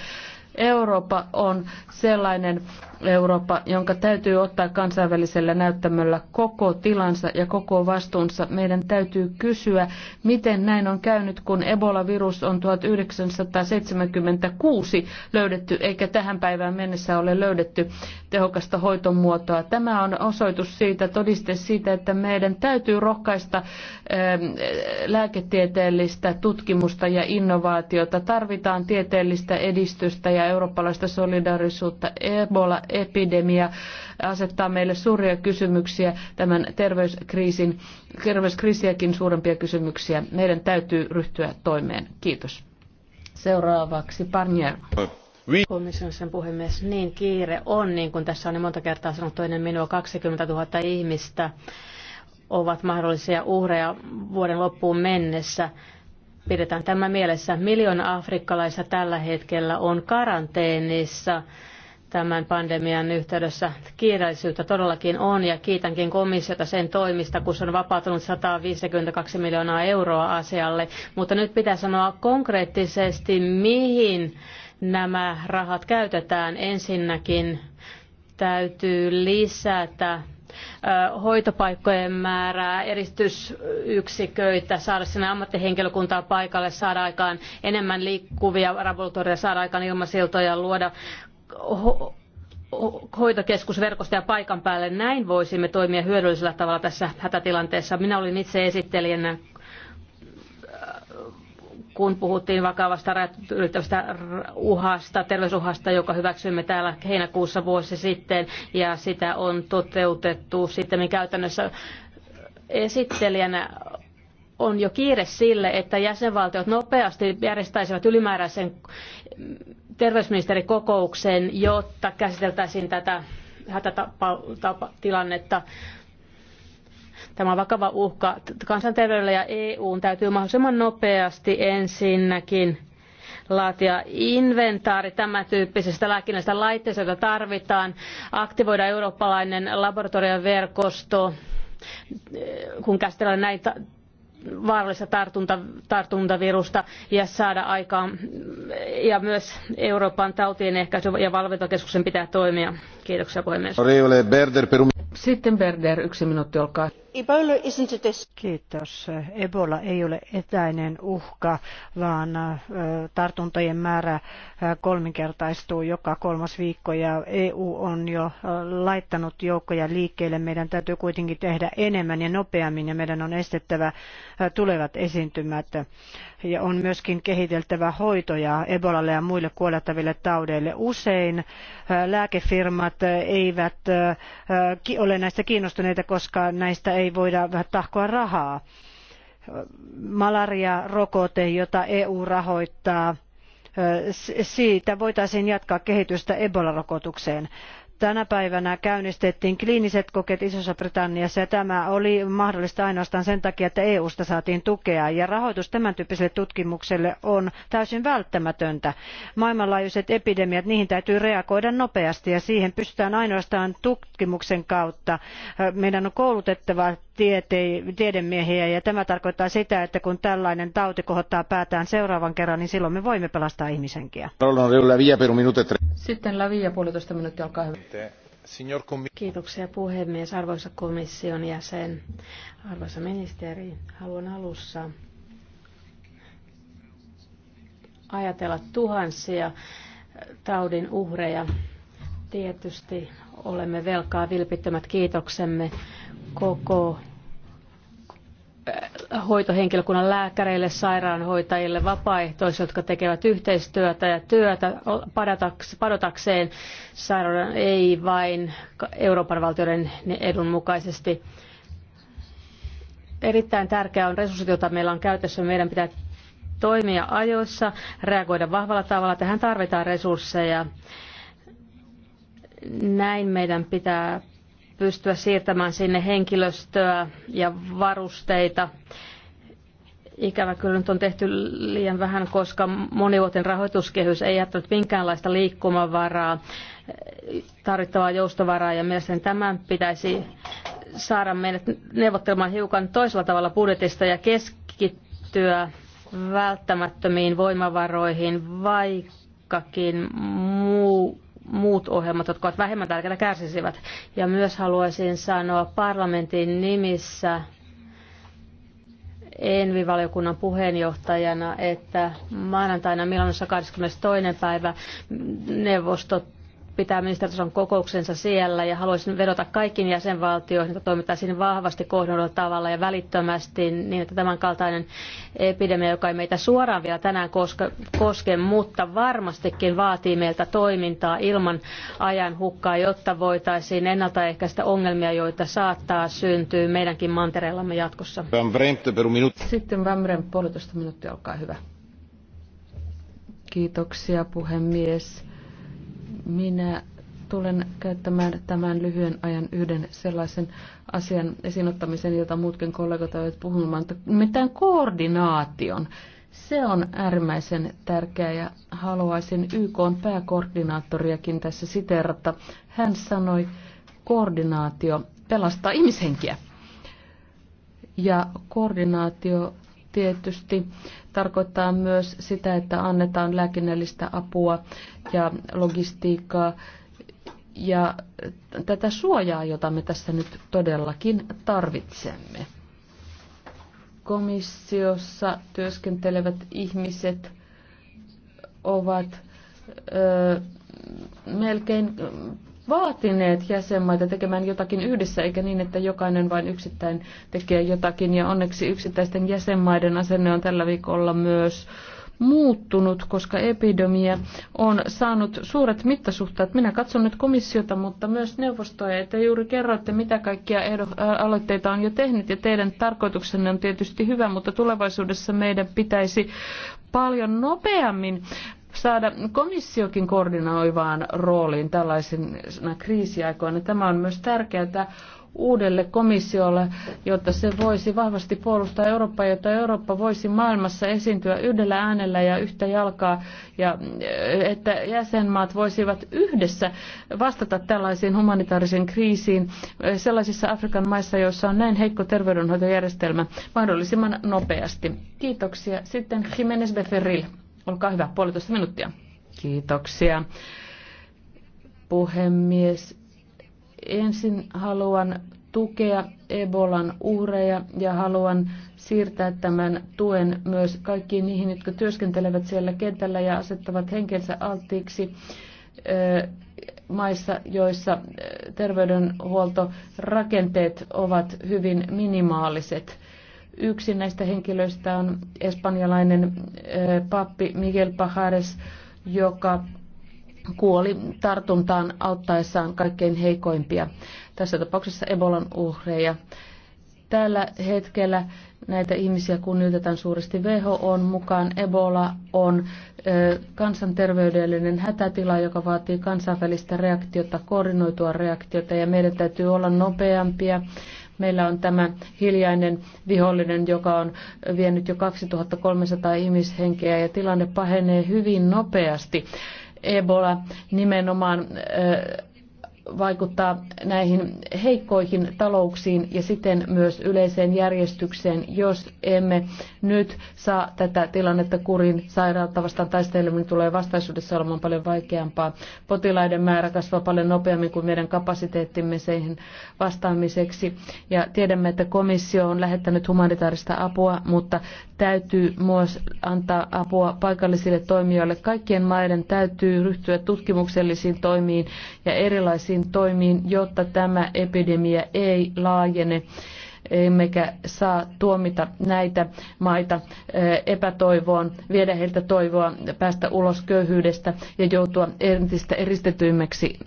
Speaker 1: Eurooppa on sellainen Eurooppa, jonka täytyy ottaa kansainvälisellä näyttämöllä koko tilansa ja koko vastuunsa. Meidän täytyy kysyä, miten näin on käynyt, kun Ebola-virus on 1976 löydetty, eikä tähän päivään mennessä ole löydetty tehokasta hoitomuotoa. Tämä on osoitus siitä, todiste siitä, että meidän täytyy rohkaista ähm, lääketieteellistä tutkimusta ja innovaatiota. Tarvitaan tieteellistä edistystä ja ja eurooppalaista solidaarisuutta. Ebola-epidemia asettaa meille suuria kysymyksiä, tämän terveyskriisin, terveyskriisiäkin suurempia kysymyksiä. Meidän täytyy ryhtyä toimeen. Kiitos. Seuraavaksi Parnier.
Speaker 4: Komission sen puhemies, niin kiire on, niin kuin tässä on niin monta kertaa sanottu ennen minua, 20 000 ihmistä ovat mahdollisia uhreja vuoden loppuun mennessä. Pidetään tämä mielessä. Miljoona afrikkalaisia tällä hetkellä on karanteenissa tämän pandemian yhteydessä. Kiireellisyyttä todellakin on ja kiitänkin komissiota sen toimista, kun se on vapautunut 152 miljoonaa euroa asialle. Mutta nyt pitää sanoa konkreettisesti, mihin nämä rahat käytetään. Ensinnäkin täytyy lisätä hoitopaikkojen määrää, eristysyksiköitä, saada sinne ammattihenkilökuntaa paikalle, saada aikaan enemmän liikkuvia laboratorioita, saada aikaan ilmasiltoja, luoda hoitokeskusverkosta ja paikan päälle. Näin voisimme toimia hyödyllisellä tavalla tässä hätätilanteessa. Minä olin itse esittelijänä kun puhuttiin vakavasta ylittävästä uhasta, terveysuhasta, joka hyväksyimme täällä heinäkuussa vuosi sitten, ja sitä on toteutettu sitten käytännössä esittelijänä on jo kiire sille, että jäsenvaltiot nopeasti järjestäisivät ylimääräisen terveysministerikokouksen, jotta käsiteltäisiin tätä hätätilannetta. Hätätapa- Tämä on vakava uhka kansanterveydelle ja EUn täytyy mahdollisimman nopeasti ensinnäkin laatia inventaari tämän tyyppisistä lääkinnällisistä laitteista, joita tarvitaan, aktivoida eurooppalainen laboratorioverkosto, kun käsitellään näitä vaarallista tartunta, tartuntavirusta ja saada aikaan. Ja myös Euroopan tautien ehkäisy- ja valvontakeskuksen pitää toimia Kiitoksia puhemies.
Speaker 1: Sitten Berder, yksi minuutti, olkaa.
Speaker 3: Kiitos. Ebola ei ole etäinen uhka, vaan tartuntojen määrä kolminkertaistuu joka kolmas viikko ja EU on jo laittanut joukkoja liikkeelle. Meidän täytyy kuitenkin tehdä enemmän ja nopeammin ja meidän on estettävä tulevat esiintymät. Ja on myöskin kehiteltävä hoitoja Ebolalle ja muille kuolettaville taudeille. Usein lääkefirmat maat eivät ole näistä kiinnostuneita, koska näistä ei voida tahkoa rahaa. Malaria-rokote, jota EU rahoittaa, siitä voitaisiin jatkaa kehitystä Ebola-rokotukseen tänä päivänä käynnistettiin kliiniset kokeet isossa britanniassa ja tämä oli mahdollista ainoastaan sen takia että eu sta saatiin tukea ja rahoitus tämän tyyppiselle tutkimukselle on täysin välttämätöntä. maailmanlaajuiset epidemiat niihin täytyy reagoida nopeasti ja siihen pystytään ainoastaan tutkimuksen kautta. meidän on koulutettava tiete, tiedemiehiä ja tämä tarkoittaa sitä, että kun tällainen tauti kohottaa päätään seuraavan kerran, niin silloin me voimme pelastaa ihmisenkiä. Sitten Lavia puolitoista
Speaker 4: minuuttia, olkaa hyvä. Kiitoksia puhemies, arvoisa komission jäsen, arvoisa ministeri. Haluan alussa ajatella tuhansia taudin uhreja Tietysti olemme velkaa vilpittömät kiitoksemme koko äh, hoitohenkilökunnan lääkäreille, sairaanhoitajille, vapaaehtoisille, jotka tekevät yhteistyötä ja työtä padotakseen sairauden ei vain Euroopan valtioiden edun mukaisesti. Erittäin tärkeää on resurssit, joita meillä on käytössä. Meidän pitää toimia ajoissa, reagoida vahvalla tavalla. Tähän tarvitaan resursseja näin meidän pitää pystyä siirtämään sinne henkilöstöä ja varusteita. Ikävä kyllä nyt on tehty liian vähän, koska monivuotinen rahoituskehys ei jättänyt minkäänlaista liikkumavaraa, tarvittavaa joustovaraa ja mielestäni tämän pitäisi saada meidät neuvottelemaan hiukan toisella tavalla budjetista ja keskittyä välttämättömiin voimavaroihin, vaikkakin muu muut ohjelmat, jotka ovat vähemmän tärkeitä, kärsisivät. Ja myös haluaisin sanoa parlamentin nimissä Envi-valiokunnan puheenjohtajana, että maanantaina Milanossa 22. päivä neuvosto pitää ministeritason kokouksensa siellä ja haluaisin vedota kaikkiin jäsenvaltioihin, että toimittaisiin vahvasti kohdalla tavalla ja välittömästi niin, että tämän kaltainen epidemia, joka ei meitä suoraan vielä tänään koske, koske mutta varmastikin vaatii meiltä toimintaa ilman ajan hukkaa, jotta voitaisiin ennaltaehkäistä ongelmia, joita saattaa syntyä meidänkin
Speaker 1: mantereellamme jatkossa. Sitten Vamren puolitoista minuuttia, olkaa hyvä. Kiitoksia puhemies minä tulen käyttämään tämän lyhyen ajan yhden sellaisen asian esinottamisen, jota muutkin kollegat ovat puhumaan, mitään koordinaation. Se on äärimmäisen tärkeä ja haluaisin YK pääkoordinaattoriakin tässä siterata. Hän sanoi, koordinaatio pelastaa ihmishenkiä. Ja koordinaatio tietysti tarkoittaa myös sitä, että annetaan lääkinnällistä apua ja logistiikkaa ja tätä suojaa, jota me tässä nyt todellakin tarvitsemme. Komissiossa työskentelevät ihmiset ovat ö, melkein vaatineet jäsenmaita tekemään jotakin yhdessä, eikä niin, että jokainen vain yksittäin tekee jotakin. Ja onneksi yksittäisten jäsenmaiden asenne on tällä viikolla myös muuttunut, koska epidemia on saanut suuret mittasuhteet. Minä katson nyt komissiota, mutta myös neuvostoja, että juuri kerroitte, mitä kaikkia aloitteita on jo tehnyt, ja teidän tarkoituksenne on tietysti hyvä, mutta tulevaisuudessa meidän pitäisi paljon nopeammin saada komissiokin koordinoivaan rooliin tällaisena kriisiaikoina. Tämä on myös tärkeää uudelle komissiolle, jotta se voisi vahvasti puolustaa Eurooppaa, jotta Eurooppa voisi maailmassa esiintyä yhdellä äänellä ja yhtä jalkaa, ja että jäsenmaat voisivat yhdessä vastata tällaisiin humanitaarisiin kriisiin sellaisissa Afrikan maissa, joissa on näin heikko terveydenhoitojärjestelmä mahdollisimman nopeasti. Kiitoksia. Sitten Jiménez Beferril. Olkaa hyvä, puolitoista minuuttia. Kiitoksia. Puhemies, ensin haluan tukea Ebolan uhreja ja haluan siirtää tämän tuen myös kaikkiin niihin, jotka työskentelevät siellä kentällä ja asettavat henkensä alttiiksi maissa, joissa terveydenhuoltorakenteet ovat hyvin minimaaliset. Yksi näistä henkilöistä on espanjalainen pappi Miguel Pajares, joka kuoli tartuntaan auttaessaan kaikkein heikoimpia, tässä tapauksessa Ebolan uhreja. Tällä hetkellä näitä ihmisiä kunnioitetaan suuresti WHOn mukaan. Ebola on ö, kansanterveydellinen hätätila, joka vaatii kansainvälistä reaktiota, koordinoitua reaktiota ja meidän täytyy olla nopeampia Meillä on tämä hiljainen vihollinen, joka on vienyt jo 2300 ihmishenkeä ja tilanne pahenee hyvin nopeasti. Ebola nimenomaan vaikuttaa näihin heikkoihin talouksiin ja siten myös yleiseen järjestykseen, jos emme nyt saa tätä tilannetta kurin sairautta vastaan taisteleminen tulee vastaisuudessa olemaan paljon vaikeampaa. Potilaiden määrä kasvaa paljon nopeammin kuin meidän kapasiteettimme siihen vastaamiseksi. Ja tiedämme, että komissio on lähettänyt humanitaarista apua, mutta täytyy myös antaa apua paikallisille toimijoille. Kaikkien maiden täytyy ryhtyä tutkimuksellisiin toimiin ja erilaisiin tarpeellisiin toimiin, jotta tämä epidemia ei laajene emmekä saa tuomita näitä maita eh, epätoivoon, viedä heiltä toivoa, päästä ulos köyhyydestä ja joutua entistä eristetyimmäksi.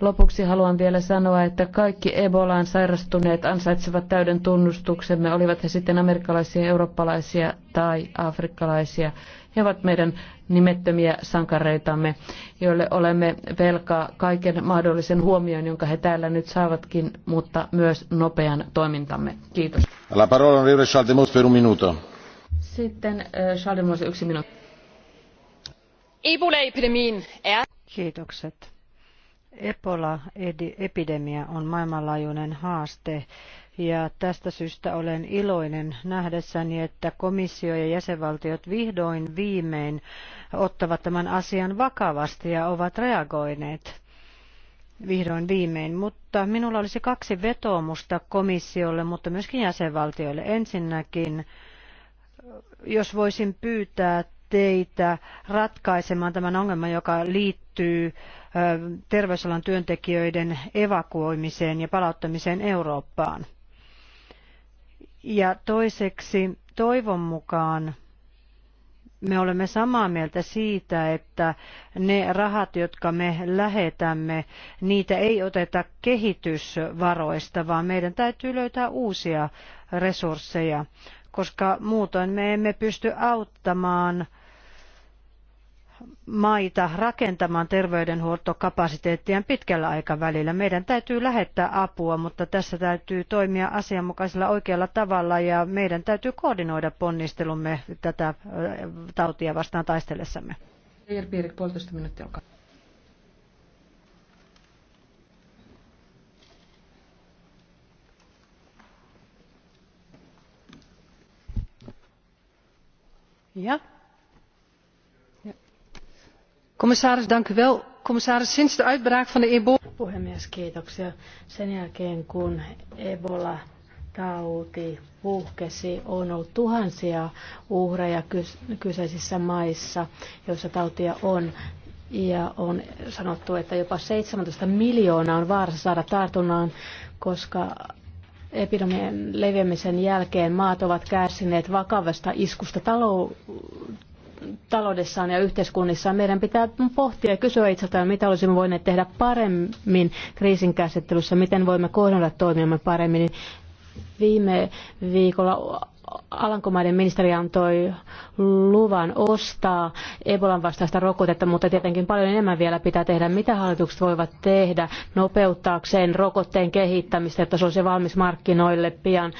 Speaker 1: Lopuksi haluan vielä sanoa, että kaikki Ebolaan sairastuneet ansaitsevat täyden tunnustuksemme, olivat he sitten amerikkalaisia, eurooppalaisia tai afrikkalaisia. He ovat meidän nimettömiä sankareitamme, joille olemme velkaa kaiken mahdollisen huomion, jonka he täällä nyt saavatkin, mutta myös nopean toimintamme. Kiitos.
Speaker 2: La parola on Schaldemos per un minuto.
Speaker 1: Sitten eh, Schaldemos yksi minuutti. Ebola-epidemiin er- Kiitokset.
Speaker 3: Ebola-epidemia on maailmanlaajuinen haaste ja tästä syystä olen iloinen nähdessäni, että komissio ja jäsenvaltiot vihdoin viimein ottavat tämän asian vakavasti ja ovat reagoineet vihdoin viimein. Mutta minulla olisi kaksi vetoomusta komissiolle, mutta myöskin jäsenvaltioille. Ensinnäkin, jos voisin pyytää teitä ratkaisemaan tämän ongelman, joka liittyy terveysalan työntekijöiden evakuoimiseen ja palauttamiseen Eurooppaan. Ja toiseksi toivon mukaan me olemme samaa mieltä siitä, että ne rahat, jotka me lähetämme, niitä ei oteta kehitysvaroista, vaan meidän täytyy löytää uusia resursseja, koska muutoin me emme pysty auttamaan – maita rakentamaan terveydenhuoltokapasiteettiaan pitkällä aikavälillä. Meidän täytyy lähettää apua, mutta tässä täytyy toimia asianmukaisella oikealla tavalla ja meidän täytyy koordinoida ponnistelumme tätä tautia vastaan taistellessamme. Ja. Commissaris, sinds de uitbraak van de ebola...
Speaker 4: Puhemies, kiitoksia. Sen jälkeen kun ebola tauti puhkesi, on ollut tuhansia uhreja kyseisissä maissa, joissa tautia on. Ja on sanottu, että jopa 17 miljoonaa on vaarassa saada tartunnan, koska epidemian leviämisen jälkeen maat ovat kärsineet vakavasta iskusta talou- taloudessaan ja yhteiskunnissaan. Meidän pitää pohtia ja kysyä itseltään, mitä olisimme voineet tehdä paremmin kriisin käsittelyssä, miten voimme kohdella toimiamme paremmin. Viime viikolla Alankomaiden ministeri antoi luvan ostaa Ebolan vastaista rokotetta, mutta tietenkin paljon enemmän vielä pitää tehdä. Mitä hallitukset voivat tehdä nopeuttaakseen rokotteen kehittämistä, että se olisi valmis markkinoille pian?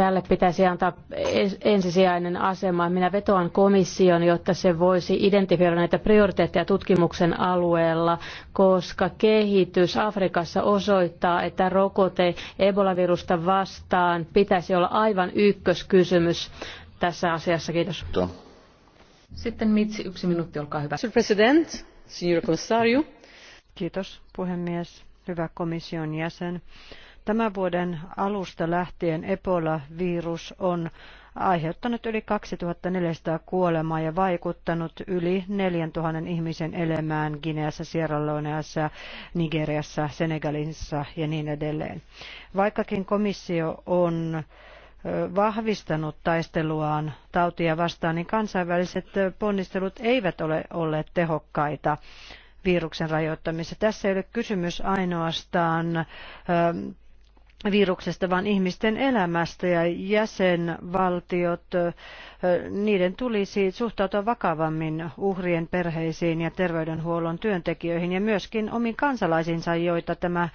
Speaker 4: Tälle pitäisi antaa ensisijainen asema. Minä vetoan komission, jotta se voisi identifioida näitä prioriteetteja tutkimuksen alueella, koska kehitys Afrikassa osoittaa, että rokote Ebola-virusta vastaan pitäisi olla aivan ykköskysymys tässä asiassa. Kiitos.
Speaker 3: Sitten Mitsi, yksi minuutti, olkaa hyvä. Mr. President, signor Kiitos puhemies, hyvä komission jäsen. Tämän vuoden alusta lähtien Ebola-virus on aiheuttanut yli 2400 kuolemaa ja vaikuttanut yli 4000 ihmisen elämään Gineassa, Sierra Leoneassa, Nigeriassa, Senegalissa ja niin edelleen. Vaikkakin komissio on vahvistanut taisteluaan tautia vastaan, niin kansainväliset ponnistelut eivät ole olleet tehokkaita viruksen rajoittamisessa. Tässä ei ole kysymys ainoastaan viruksesta, vaan ihmisten elämästä ja jäsenvaltiot, niiden tulisi suhtautua vakavammin uhrien perheisiin ja terveydenhuollon työntekijöihin ja myöskin omiin kansalaisinsa, joita tämä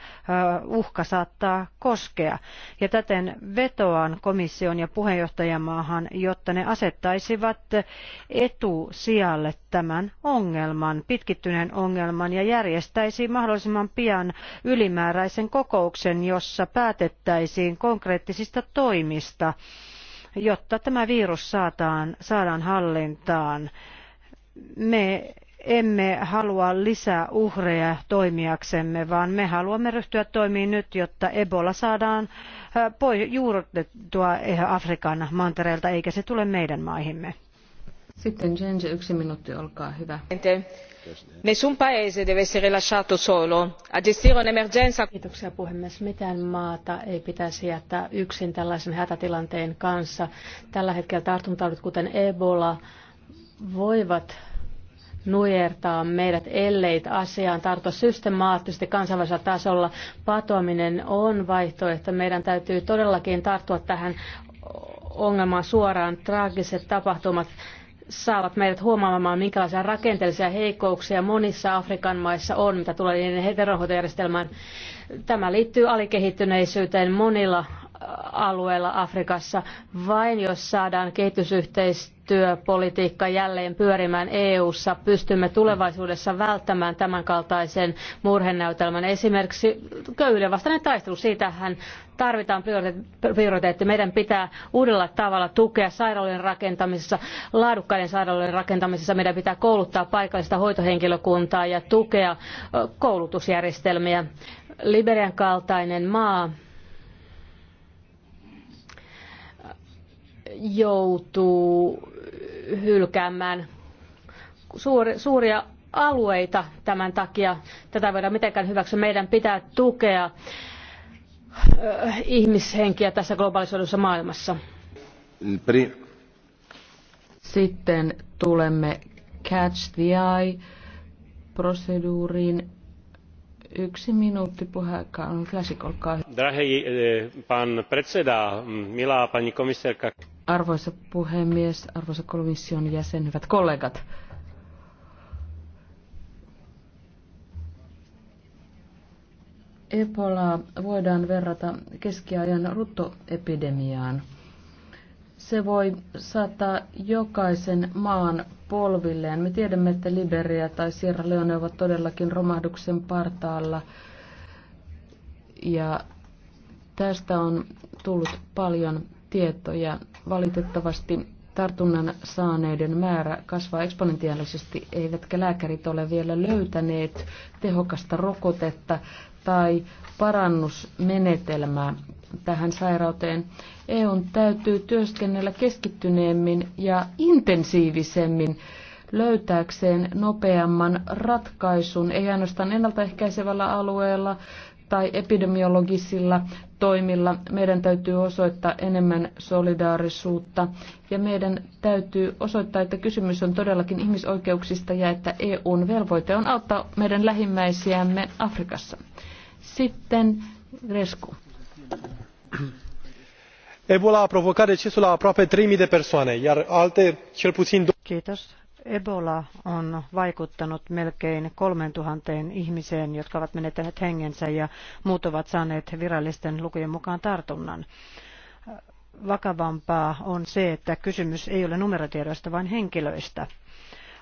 Speaker 3: uhka saattaa koskea. Ja täten vetoan komission ja puheenjohtajamaahan, jotta ne asettaisivat etusijalle tämän ongelman, pitkittyneen ongelman ja järjestäisi mahdollisimman pian ylimääräisen kokouksen, jossa päät päätettäisiin konkreettisista toimista, jotta tämä virus saataan, saadaan hallintaan. Me emme halua lisää uhreja toimijaksemme, vaan me haluamme ryhtyä toimiin nyt, jotta Ebola saadaan äh, pois juurrutettua Afrikan mantereelta, eikä se tule meidän maihimme. Sitten Genge, yksi minuutti, olkaa hyvä.
Speaker 4: Nessun paese deve essere lasciato solo a gestire un'emergenza. Kiitoksia puhemies. Mitään maata ei pitäisi jättää yksin tällaisen hätätilanteen kanssa. Tällä hetkellä tartuntataudit, kuten Ebola, voivat nujertaa meidät, ellei asiaan tarttua systemaattisesti kansainvälisellä tasolla. Patoaminen on vaihtoehto. Meidän täytyy todellakin tarttua tähän ongelmaan suoraan. Traagiset tapahtumat saavat meidät huomaamaan, minkälaisia rakenteellisia heikkouksia monissa Afrikan maissa on, mitä tulee niiden terveydenhoitojärjestelmään. Tämä liittyy alikehittyneisyyteen monilla alueella Afrikassa. Vain jos saadaan kehitysyhteistyöpolitiikka jälleen pyörimään EU-ssa, pystymme tulevaisuudessa välttämään tämänkaltaisen murhenäytelmän. Esimerkiksi köyhyyden vastainen taistelu, siitähän tarvitaan prioriteetti. Meidän pitää uudella tavalla tukea sairaaloiden rakentamisessa, laadukkaiden sairaaloiden rakentamisessa. Meidän pitää kouluttaa paikallista hoitohenkilökuntaa ja tukea koulutusjärjestelmiä. Liberian kaltainen maa joutuu hylkäämään suuri, suuria alueita tämän takia. Tätä voidaan mitenkään hyväksyä. Meidän pitää tukea ihmishenkiä tässä globalisoidussa
Speaker 1: maailmassa. Sitten tulemme Catch the Eye-proseduuriin. Yksi minuutti puheenjohtaja Klasik, olkaa hyvä.
Speaker 5: Drahei eh, pan predseda, milá pani komiserka.
Speaker 1: Arvoisa puhemies, arvoisa komission jäsen, hyvät kollegat. Ebola voidaan verrata keskiajan ruttoepidemiaan. Se voi saattaa jokaisen maan polvilleen. Me tiedämme, että Liberia tai Sierra Leone ovat todellakin romahduksen partaalla. Ja tästä on tullut paljon tietoja. Valitettavasti tartunnan saaneiden määrä kasvaa eksponentiaalisesti, eivätkä lääkärit ole vielä löytäneet tehokasta rokotetta tai parannusmenetelmää tähän sairauteen. EUn täytyy työskennellä keskittyneemmin ja intensiivisemmin löytääkseen nopeamman ratkaisun, ei ainoastaan ennaltaehkäisevällä alueella tai epidemiologisilla toimilla meidän täytyy osoittaa enemmän solidaarisuutta ja meidän täytyy osoittaa, että kysymys on todellakin ihmisoikeuksista ja että EUn velvoite on auttaa meidän lähimmäisiämme Afrikassa. Sitten Resku.
Speaker 6: Ebola a provocat decesul a aproape 3.000 de persoane, iar alte cel puțin... Kiitos
Speaker 3: Ebola on vaikuttanut melkein 3000 ihmiseen, jotka ovat menettäneet hengensä ja muut ovat saaneet virallisten lukujen mukaan tartunnan. Vakavampaa on se, että kysymys ei ole numerotiedoista, vaan henkilöistä.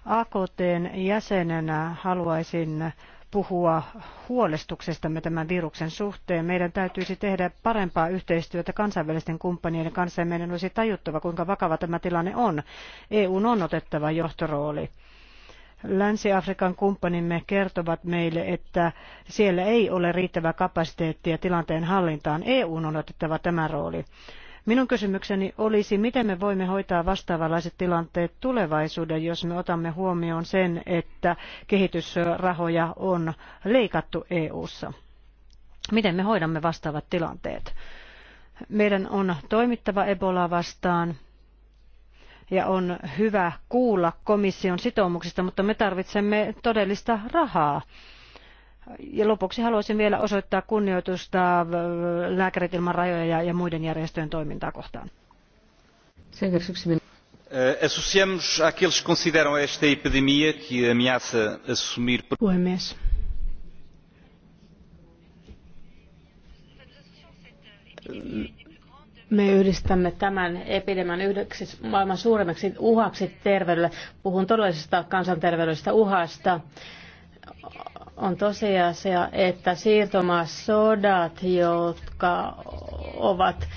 Speaker 3: AKTn jäsenenä haluaisin puhua huolestuksestamme tämän viruksen suhteen. Meidän täytyisi tehdä parempaa yhteistyötä kansainvälisten kumppanien kanssa ja meidän olisi tajuttava, kuinka vakava tämä tilanne on. EU on otettava johtorooli. Länsi-Afrikan kumppanimme kertovat meille, että siellä ei ole riittävää kapasiteettia tilanteen hallintaan. EU on otettava tämä rooli. Minun kysymykseni olisi, miten me voimme hoitaa vastaavanlaiset tilanteet tulevaisuudessa, jos me otamme huomioon sen, että kehitysrahoja on leikattu EU:ssa. Miten me hoidamme vastaavat tilanteet? Meidän on toimittava Ebolaa vastaan, ja on hyvä kuulla komission sitoumuksista, mutta me tarvitsemme todellista rahaa ja lopuksi haluaisin vielä osoittaa kunnioitusta äh, Lääkärit ilman rajoja ja muiden järjestöjen toimintaa
Speaker 1: kohtaan.
Speaker 2: Eh, associamos àqueles que consideram esta epidemia que ameaça assumir. Puhemies.
Speaker 4: Me yhdistämme tämän epidemian yhdeksi maailman suurimmaksi uhaksi terveydelle. Puhun todellisesta kansanterveydellisestä uhasta on tosiasia, että siirtomaasodat, jotka ovat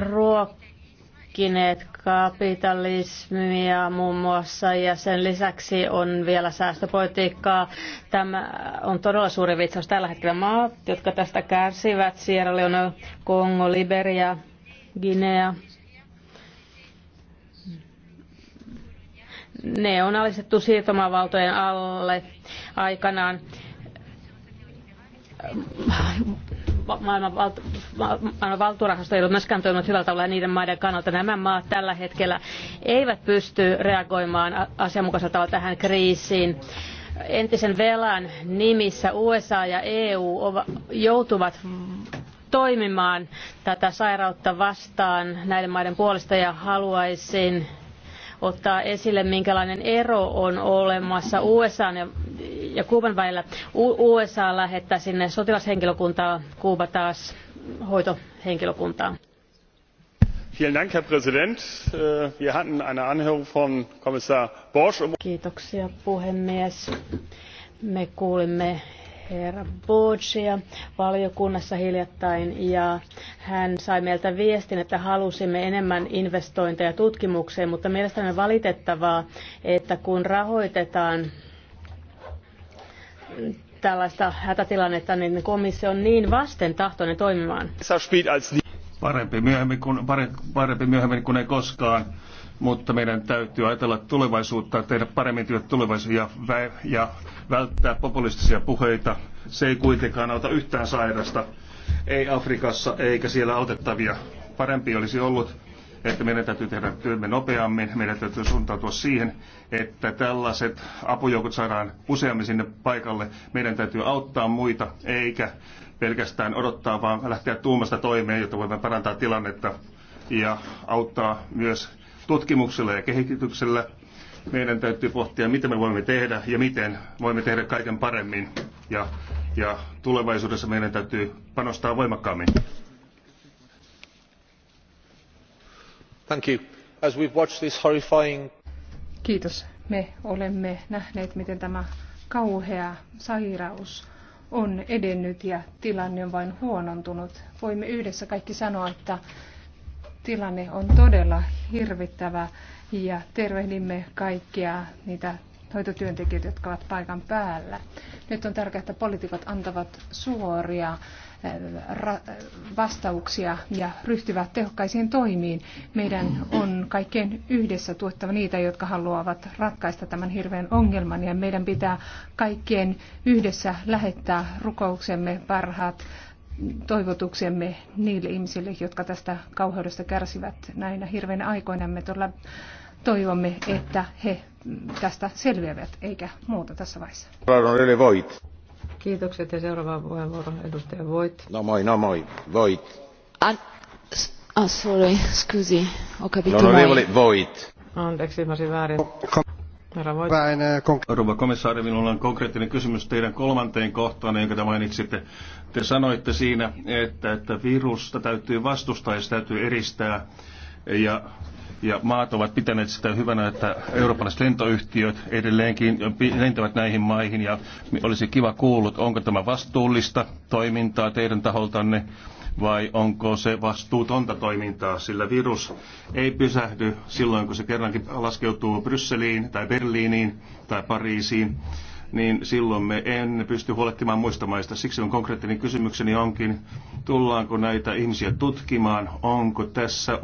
Speaker 4: ruokkineet kapitalismia muun muassa ja sen lisäksi on vielä säästöpolitiikkaa. Tämä on todella suuri vitsaus tällä hetkellä. Maat, jotka tästä kärsivät, Sierra Leone, Kongo, Liberia, Guinea, ne on alistettu siirtomaavaltojen alle aikanaan maailman, valtu, maailman valtuurahasto ei ole myöskään toiminut hyvällä tavalla niiden maiden kannalta. Nämä maat tällä hetkellä eivät pysty reagoimaan asianmukaisella tavalla tähän kriisiin. Entisen velan nimissä USA ja EU joutuvat toimimaan tätä sairautta vastaan näiden maiden puolesta ja haluaisin ottaa esille, minkälainen ero on olemassa USA ja, ja Kuuban välillä. U- USA lähettää sinne sotilashenkilökuntaa, Kuuba taas hoitohenkilökuntaa.
Speaker 5: Vielen Dank, Herr Präsident. Äh, wir hatten eine Anhörung von Kommissar
Speaker 4: Kiitoksia, puhemies. Me kuulimme herra Borgia valiokunnassa hiljattain ja hän sai meiltä viestin, että halusimme enemmän investointeja tutkimukseen, mutta mielestäni on valitettavaa, että kun rahoitetaan tällaista hätätilannetta, niin komissio on niin vastentahtoinen toimimaan.
Speaker 5: Parempi myöhemmin kuin, parempi myöhemmin kuin ei koskaan mutta meidän täytyy ajatella tulevaisuutta, tehdä paremmin työtä tulevaisuutta ja, ja välttää populistisia puheita. Se ei kuitenkaan auta yhtään sairasta, ei Afrikassa eikä siellä autettavia. Parempi olisi ollut, että meidän täytyy tehdä työmme nopeammin, meidän täytyy suuntautua siihen, että tällaiset apujoukot saadaan useammin sinne paikalle. Meidän täytyy auttaa muita, eikä pelkästään odottaa, vaan lähteä tuumasta toimeen, jotta voimme parantaa tilannetta ja auttaa myös tutkimuksella ja kehityksellä. Meidän täytyy pohtia, mitä me voimme tehdä ja miten voimme tehdä kaiken paremmin. Ja, ja tulevaisuudessa meidän täytyy panostaa voimakkaammin. Thank you. As we've watched this horrifying...
Speaker 7: Kiitos. Me olemme nähneet, miten tämä kauhea sairaus on edennyt ja tilanne on vain huonontunut. Voimme yhdessä kaikki sanoa, että tilanne on todella hirvittävä ja tervehdimme kaikkia niitä hoitotyöntekijöitä, jotka ovat paikan päällä. Nyt on tärkeää, että poliitikot antavat suoria eh, vastauksia ja ryhtyvät tehokkaisiin toimiin. Meidän on kaikkien yhdessä tuettava niitä, jotka haluavat ratkaista tämän hirveän ongelman ja meidän pitää kaikkien yhdessä lähettää rukouksemme parhaat toivotuksemme niille ihmisille, jotka tästä kauheudesta kärsivät näinä hirveinä aikoina. Me todella toivomme, että he tästä selviävät, eikä muuta tässä vaiheessa. Voit. Kiitokset ja seuraava puheenvuoro edustaja Voit.
Speaker 2: No moi, no moi, Voit.
Speaker 7: An... Ah, sorry,
Speaker 6: scusi, ho capito L'onorevole
Speaker 5: Voit.
Speaker 6: Anteeksi, ymmärsin väärin.
Speaker 5: Rouva komissaari, minulla on konkreettinen kysymys teidän kolmanteen kohtaan, jonka te mainitsitte. Te sanoitte siinä, että, että virusta täytyy vastustaa ja sitä täytyy eristää. Ja ja maat ovat pitäneet sitä hyvänä, että eurooppalaiset lentoyhtiöt edelleenkin lentävät näihin maihin ja olisi kiva kuulla, onko tämä vastuullista toimintaa teidän taholtanne vai onko se vastuutonta toimintaa, sillä virus ei pysähdy silloin, kun se kerrankin laskeutuu Brysseliin tai Berliiniin tai Pariisiin niin silloin me en pysty huolehtimaan muista maista. Siksi on konkreettinen kysymykseni onkin, tullaanko näitä ihmisiä tutkimaan, onko tässä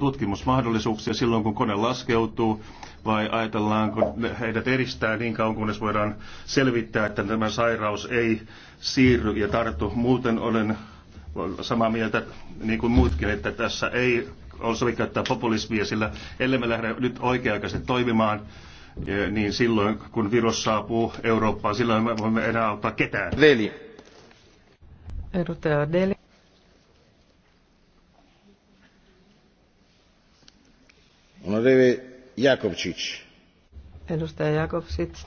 Speaker 5: tutkimusmahdollisuuksia silloin, kun kone laskeutuu, vai ajatellaanko heidät eristää niin kauan, kunnes voidaan selvittää, että tämä sairaus ei siirry ja tartu. Muuten olen samaa mieltä, niin kuin muutkin, että tässä ei ole sovi käyttää populismia, sillä ellei me lähde nyt oikea-aikaisesti toimimaan, eh, niin silloin kun virus saapuu Eurooppaan, silloin me voimme enää auttaa ketään. Veli.
Speaker 6: Edustaja Deli.
Speaker 2: Onoreve Jakovčić.
Speaker 6: Edustaja Jakovčić.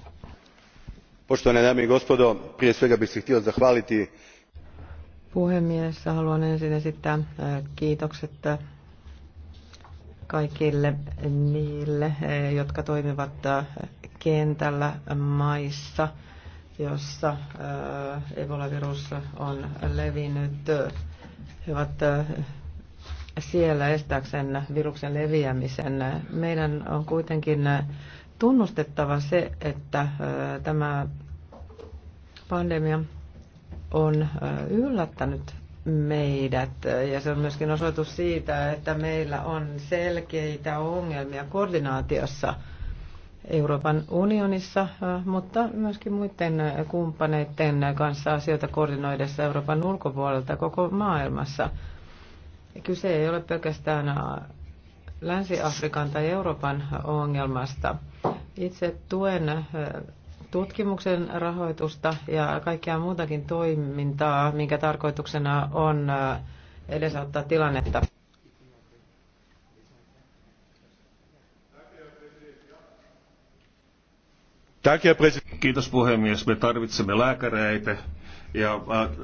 Speaker 2: Poštovane dame i gospodo, prije svega bih se htio zahvaliti
Speaker 6: Puhemies, haluan ensin esittää äh, kiitokset äh, kaikille niille, äh, jotka toimivat kentällä maissa, jossa Ebola-virus on levinnyt. He ovat siellä estääkseen viruksen leviämisen. Meidän on kuitenkin tunnustettava se, että tämä pandemia on yllättänyt meidät ja se on myöskin osoitus siitä, että meillä on selkeitä ongelmia koordinaatiossa Euroopan unionissa, mutta myöskin muiden kumppaneiden kanssa asioita koordinoidessa Euroopan ulkopuolelta koko maailmassa. Kyse ei ole pelkästään Länsi-Afrikan tai Euroopan ongelmasta. Itse tuen tutkimuksen rahoitusta ja kaikkea muutakin toimintaa, minkä tarkoituksena on edesauttaa tilannetta.
Speaker 5: Kiitos puhemies. Me tarvitsemme lääkäreitä ja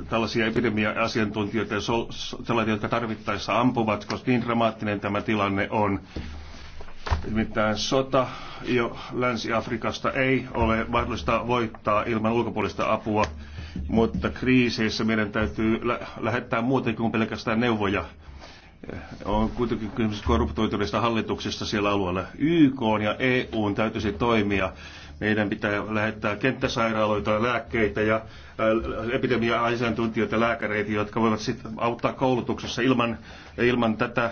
Speaker 5: tällaisia epidemia-asiantuntijoita, sellaisia, jotka tarvittaessa ampuvat, koska niin dramaattinen tämä tilanne on. Nimittäin sota jo Länsi-Afrikasta ei ole mahdollista voittaa ilman ulkopuolista apua, mutta kriiseissä meidän täytyy lä- lähettää muuten kuin pelkästään neuvoja. On kuitenkin kysymys korruptoituneista hallituksista siellä alueella. YK ja EU täytyisi toimia. Meidän pitää lähettää kenttäsairaaloita, lääkkeitä ja äh, epidemia-asiantuntijoita, lääkäreitä, jotka voivat sitten auttaa koulutuksessa ilman, ilman tätä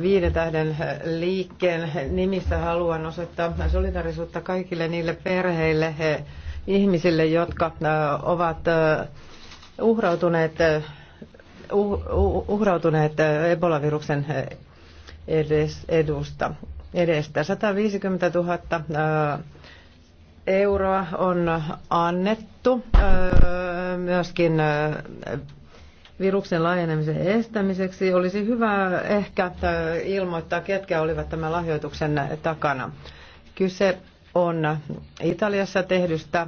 Speaker 6: viiden tähden liikkeen nimissä haluan osoittaa solidarisuutta kaikille niille perheille, ihmisille, jotka äh, ovat äh, uhrautuneet, äh, uhrautuneet Ebola-viruksen edusta, edestä. 150 000 euroa on annettu myöskin viruksen laajenemisen estämiseksi. Olisi hyvä ehkä ilmoittaa, ketkä olivat tämän lahjoituksen takana. Kyse on Italiassa tehdystä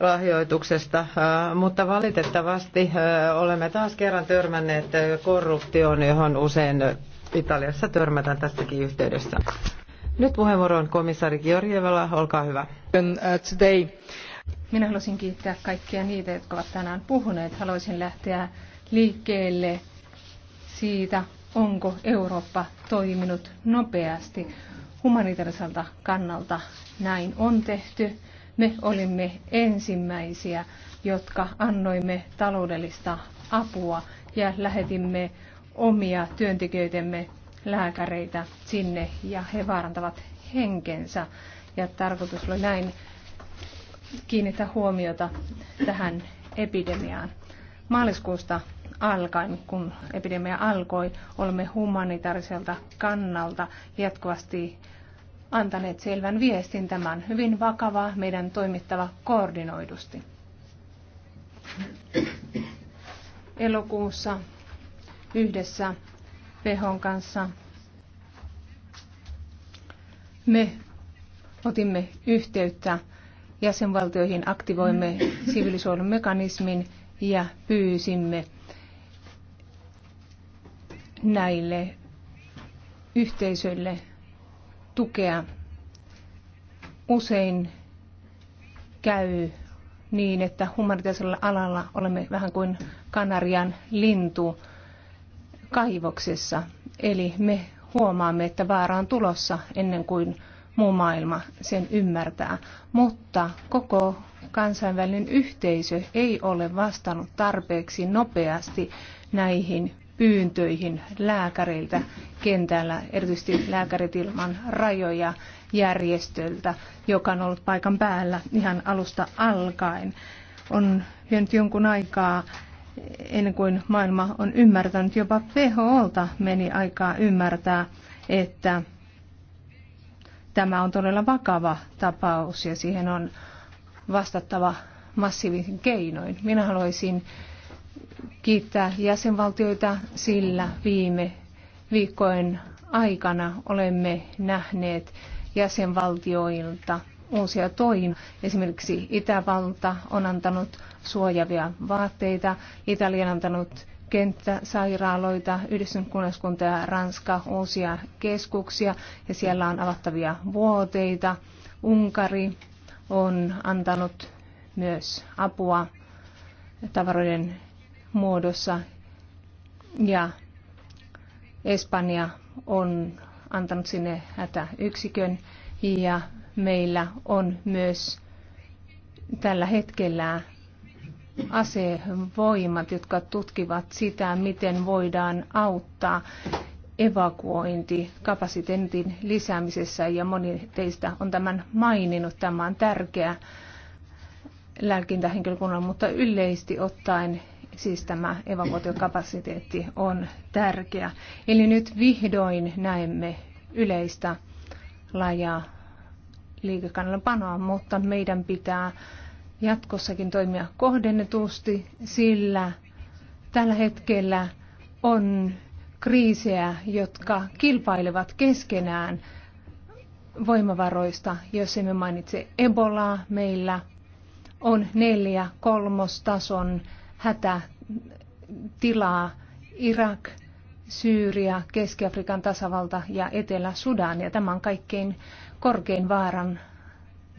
Speaker 6: lahjoituksesta, mutta valitettavasti olemme taas kerran törmänneet korruptioon, johon usein Italiassa törmätään tässäkin yhteydessä. Nyt puheenvuoro on komissaari Georgievalla, olkaa hyvä.
Speaker 7: Uh, today. Minä haluaisin kiittää kaikkia niitä, jotka ovat tänään puhuneet. Haluaisin lähteä liikkeelle siitä, onko Eurooppa toiminut nopeasti. Humanitaariselta kannalta näin on tehty. Me olimme ensimmäisiä, jotka annoimme taloudellista apua ja lähetimme omia työntekijöitemme lääkäreitä sinne ja he vaarantavat henkensä. Ja tarkoitus oli näin kiinnitä huomiota tähän epidemiaan. Maaliskuusta alkaen, kun epidemia alkoi, olemme humanitaariselta kannalta jatkuvasti antaneet selvän viestin. tämän hyvin vakavaa, meidän toimittava koordinoidusti. Elokuussa yhdessä Pehon kanssa me otimme yhteyttä jäsenvaltioihin, aktivoimme sivilisoidun mekanismin ja pyysimme näille yhteisöille tukea. Usein käy niin, että humanitaisella alalla olemme vähän kuin kanarian lintu kaivoksessa. Eli me huomaamme, että vaara on tulossa ennen kuin muu maailma sen ymmärtää, mutta koko kansainvälinen yhteisö ei ole vastannut tarpeeksi nopeasti näihin pyyntöihin lääkäreiltä kentällä, erityisesti lääkärit ilman rajoja järjestöltä, joka on ollut paikan päällä ihan alusta alkaen. On vienyt jonkun aikaa ennen kuin maailma on ymmärtänyt, jopa WHOlta meni aikaa ymmärtää, että Tämä on todella vakava tapaus ja siihen on vastattava massiivisin keinoin. Minä haluaisin kiittää jäsenvaltioita, sillä viime viikkojen aikana olemme nähneet jäsenvaltioilta uusia toimia. Esimerkiksi Itävalta on antanut suojavia vaatteita, Italia on antanut kenttäsairaaloita, yhdistyskunnaskunta ja Ranska uusia keskuksia ja siellä on avattavia vuoteita. Unkari on antanut myös apua tavaroiden muodossa ja Espanja on antanut sinne hätäyksikön ja meillä on myös tällä hetkellä asevoimat, jotka tutkivat sitä, miten voidaan auttaa evakuointikapasiteetin lisäämisessä ja moni teistä on tämän maininnut. Tämä on tärkeä lääkintähenkilökunnan, mutta yleisesti ottaen siis tämä evakuointikapasiteetti on tärkeä. Eli nyt vihdoin näemme yleistä liikekannalla panoa, mutta meidän pitää jatkossakin toimia kohdennetusti, sillä tällä hetkellä on kriisejä, jotka kilpailevat keskenään voimavaroista. Jos emme mainitse Ebolaa, meillä on neljä kolmostason hätätilaa Irak, Syyria, Keski-Afrikan tasavalta ja Etelä-Sudan. Ja tämä on kaikkein korkein vaaran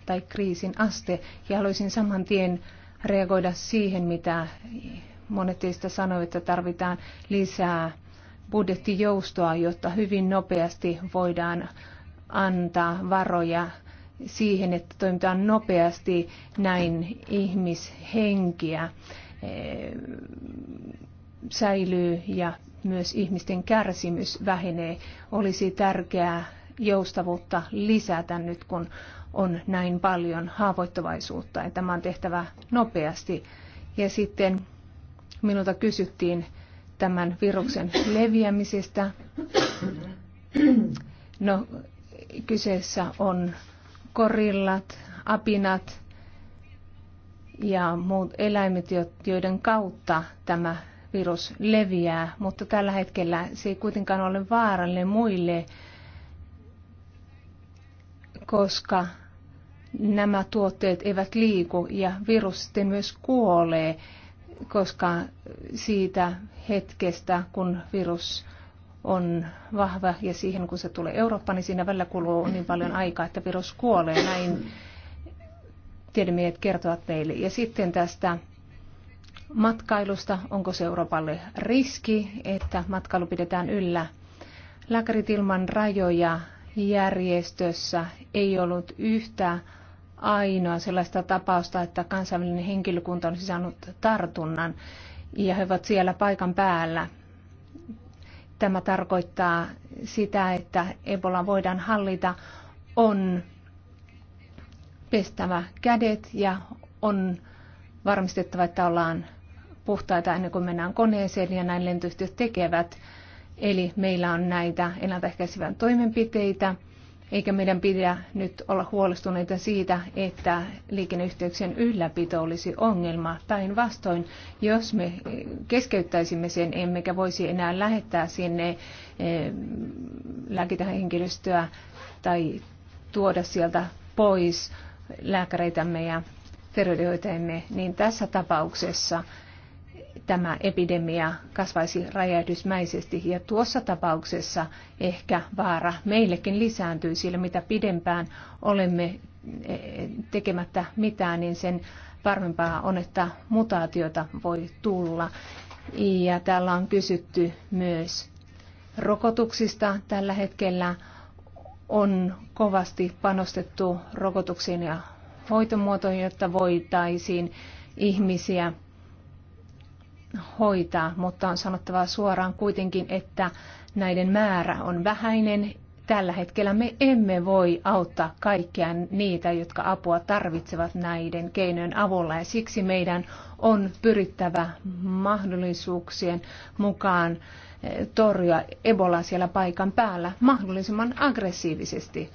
Speaker 7: tai kriisin aste. Ja haluaisin saman tien reagoida siihen, mitä monet teistä sanoivat, että tarvitaan lisää budjettijoustoa, jotta hyvin nopeasti voidaan antaa varoja siihen, että toimitaan nopeasti näin ihmishenkiä säilyy ja myös ihmisten kärsimys vähenee. Olisi tärkeää joustavuutta lisätä nyt, kun on näin paljon haavoittuvaisuutta ja tämä on tehtävä nopeasti. Ja sitten minulta kysyttiin tämän viruksen leviämisestä. No, kyseessä on korillat, apinat ja muut eläimet, joiden kautta tämä virus leviää, mutta tällä hetkellä se ei kuitenkaan ole vaarallinen muille, koska nämä tuotteet eivät liiku ja virus sitten myös kuolee, koska siitä hetkestä, kun virus on vahva ja siihen kun se tulee Eurooppaan, niin siinä välillä kuluu niin paljon aikaa, että virus kuolee. Näin tiedemiehet kertovat teille. Ja sitten tästä matkailusta, onko se Euroopalle riski, että matkailu pidetään yllä. Lääkärit ilman rajoja järjestössä ei ollut yhtä ainoa sellaista tapausta, että kansainvälinen henkilökunta on saanut tartunnan ja he ovat siellä paikan päällä. Tämä tarkoittaa sitä, että Ebola voidaan hallita, on pestävä kädet ja on varmistettava, että ollaan puhtaita ennen kuin mennään koneeseen ja näin lentoyhtiöt tekevät. Eli meillä on näitä ennaltaehkäisevän toimenpiteitä eikä meidän pidä nyt olla huolestuneita siitä, että liikenneyhteyksien ylläpito olisi ongelma. Päinvastoin, jos me keskeyttäisimme sen, emmekä voisi enää lähettää sinne eh, lääkintähenkilöstöä tai tuoda sieltä pois lääkäreitämme ja terveydenhoitajamme, niin tässä tapauksessa tämä epidemia kasvaisi räjähdysmäisesti ja tuossa tapauksessa ehkä vaara meillekin lisääntyy, sillä mitä pidempään olemme eh, tekemättä mitään, niin sen varmempaa on, että mutaatiota voi tulla. Ja täällä on kysytty myös rokotuksista. Tällä hetkellä on kovasti panostettu rokotuksiin ja hoitomuotoihin, jotta voitaisiin ihmisiä hoitaa, mutta on sanottava suoraan kuitenkin, että näiden määrä on vähäinen. Tällä hetkellä me emme voi auttaa kaikkia niitä, jotka apua tarvitsevat näiden keinojen avulla ja siksi meidän on pyrittävä mahdollisuuksien mukaan eh, torjua Ebola siellä paikan päällä mahdollisimman aggressiivisesti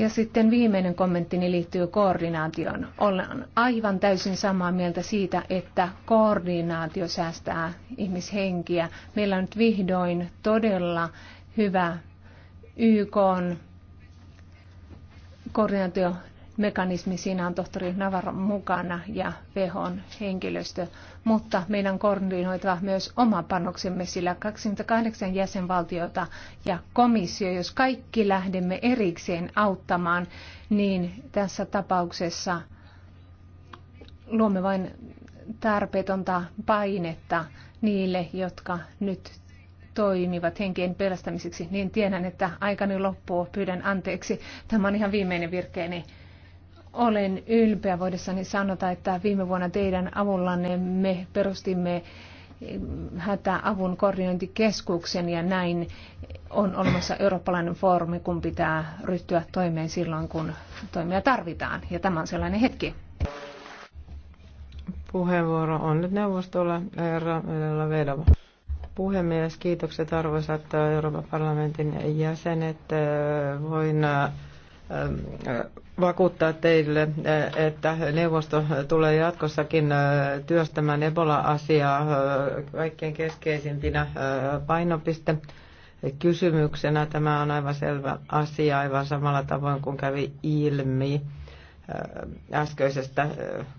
Speaker 7: ja sitten viimeinen kommenttini liittyy koordinaatioon. Olen aivan täysin samaa mieltä siitä, että koordinaatio säästää ihmishenkiä. Meillä on nyt vihdoin todella hyvä YK koordinaatiomekanismi. Siinä on tohtori Navarro mukana ja VH henkilöstö mutta meidän on koordinoitava myös oma panoksemme, sillä 28 jäsenvaltiota ja komissio, jos kaikki lähdemme erikseen auttamaan, niin tässä tapauksessa luomme vain tarpeetonta painetta niille, jotka nyt toimivat henkien pelastamiseksi, niin tiedän, että aikani loppuu. Pyydän anteeksi. Tämä on ihan viimeinen virkeeni. Olen ylpeä voidessani sanota, että viime vuonna teidän avullanne me perustimme eh, hätäavun koordinointikeskuksen ja näin on olemassa eurooppalainen foorumi, kun pitää ryhtyä toimeen silloin, kun toimia tarvitaan. Ja tämä on sellainen hetki.
Speaker 6: Puheenvuoro on nyt neuvostolla, herra Vedova. Puhemies, kiitokset arvoisat Euroopan parlamentin jäsenet. Voin Ähm, äh, vakuuttaa teille, äh, että neuvosto tulee jatkossakin äh, työstämään Ebola-asiaa kaikkein keskeisimpinä painopiste kysymyksenä. Tämä on aivan selvä asia, aivan samalla tavoin kuin kävi ilmi äskeisestä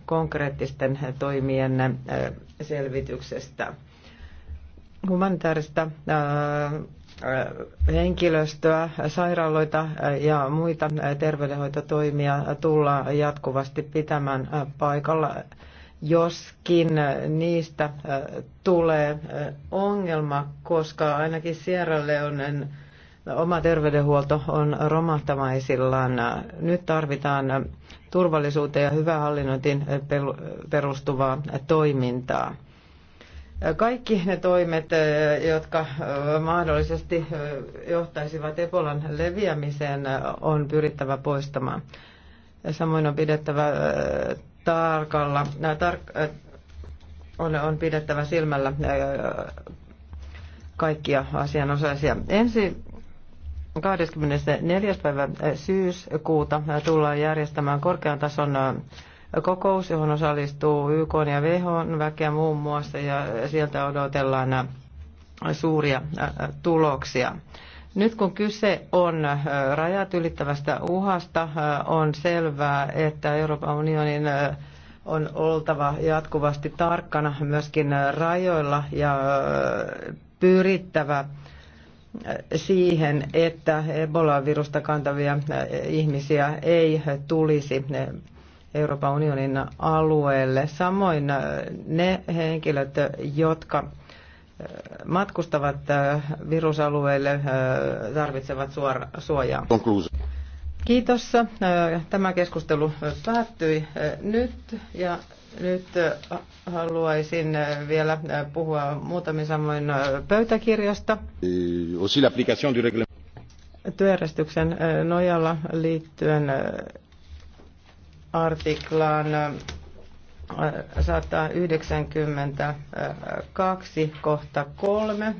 Speaker 6: konkreettisten toimien selvityksestä. Humanitaarista henkilöstöä, sairaaloita ja muita terveydenhoitotoimia tulla jatkuvasti pitämään paikalla, joskin niistä tulee ongelma, koska ainakin Sierra Leonen oma terveydenhuolto on romahtamaisillaan. Nyt tarvitaan turvallisuuteen ja hyvää hallinnointiin perustuvaa toimintaa. Kaikki ne toimet, eh, jotka eh, mahdollisesti eh, johtaisivat Ebolan leviämiseen, on pyrittävä poistamaan. Samoin on pidettävä tarkalla, on, on pidettävä silmällä kaikkia asianosaisia. Ensi 24. päivä syyskuuta tullaan järjestämään korkean tason kokous, johon osallistuu YK ja WHO väkeä muun muassa ja sieltä odotellaan äh, suuria äh, tuloksia. Nyt kun kyse on äh, rajat ylittävästä uhasta, on selvää, että Euroopan unionin on oltava jatkuvasti tarkkana myöskin rajoilla ja pyrittävä siihen, että Ebola-virusta kantavia ihmisiä ei tulisi Euroopan unionin alueelle. Samoin äh, ne henkilöt, jotka äh, matkustavat äh, virusalueelle, tarvitsevat suojaa. Kiitos. Tämä keskustelu päättyi nyt ja nyt haluaisin vielä puhua muutamin samoin pöytäkirjasta. Työjärjestyksen nojalla liittyen artiklaan 192 äh, kohta 3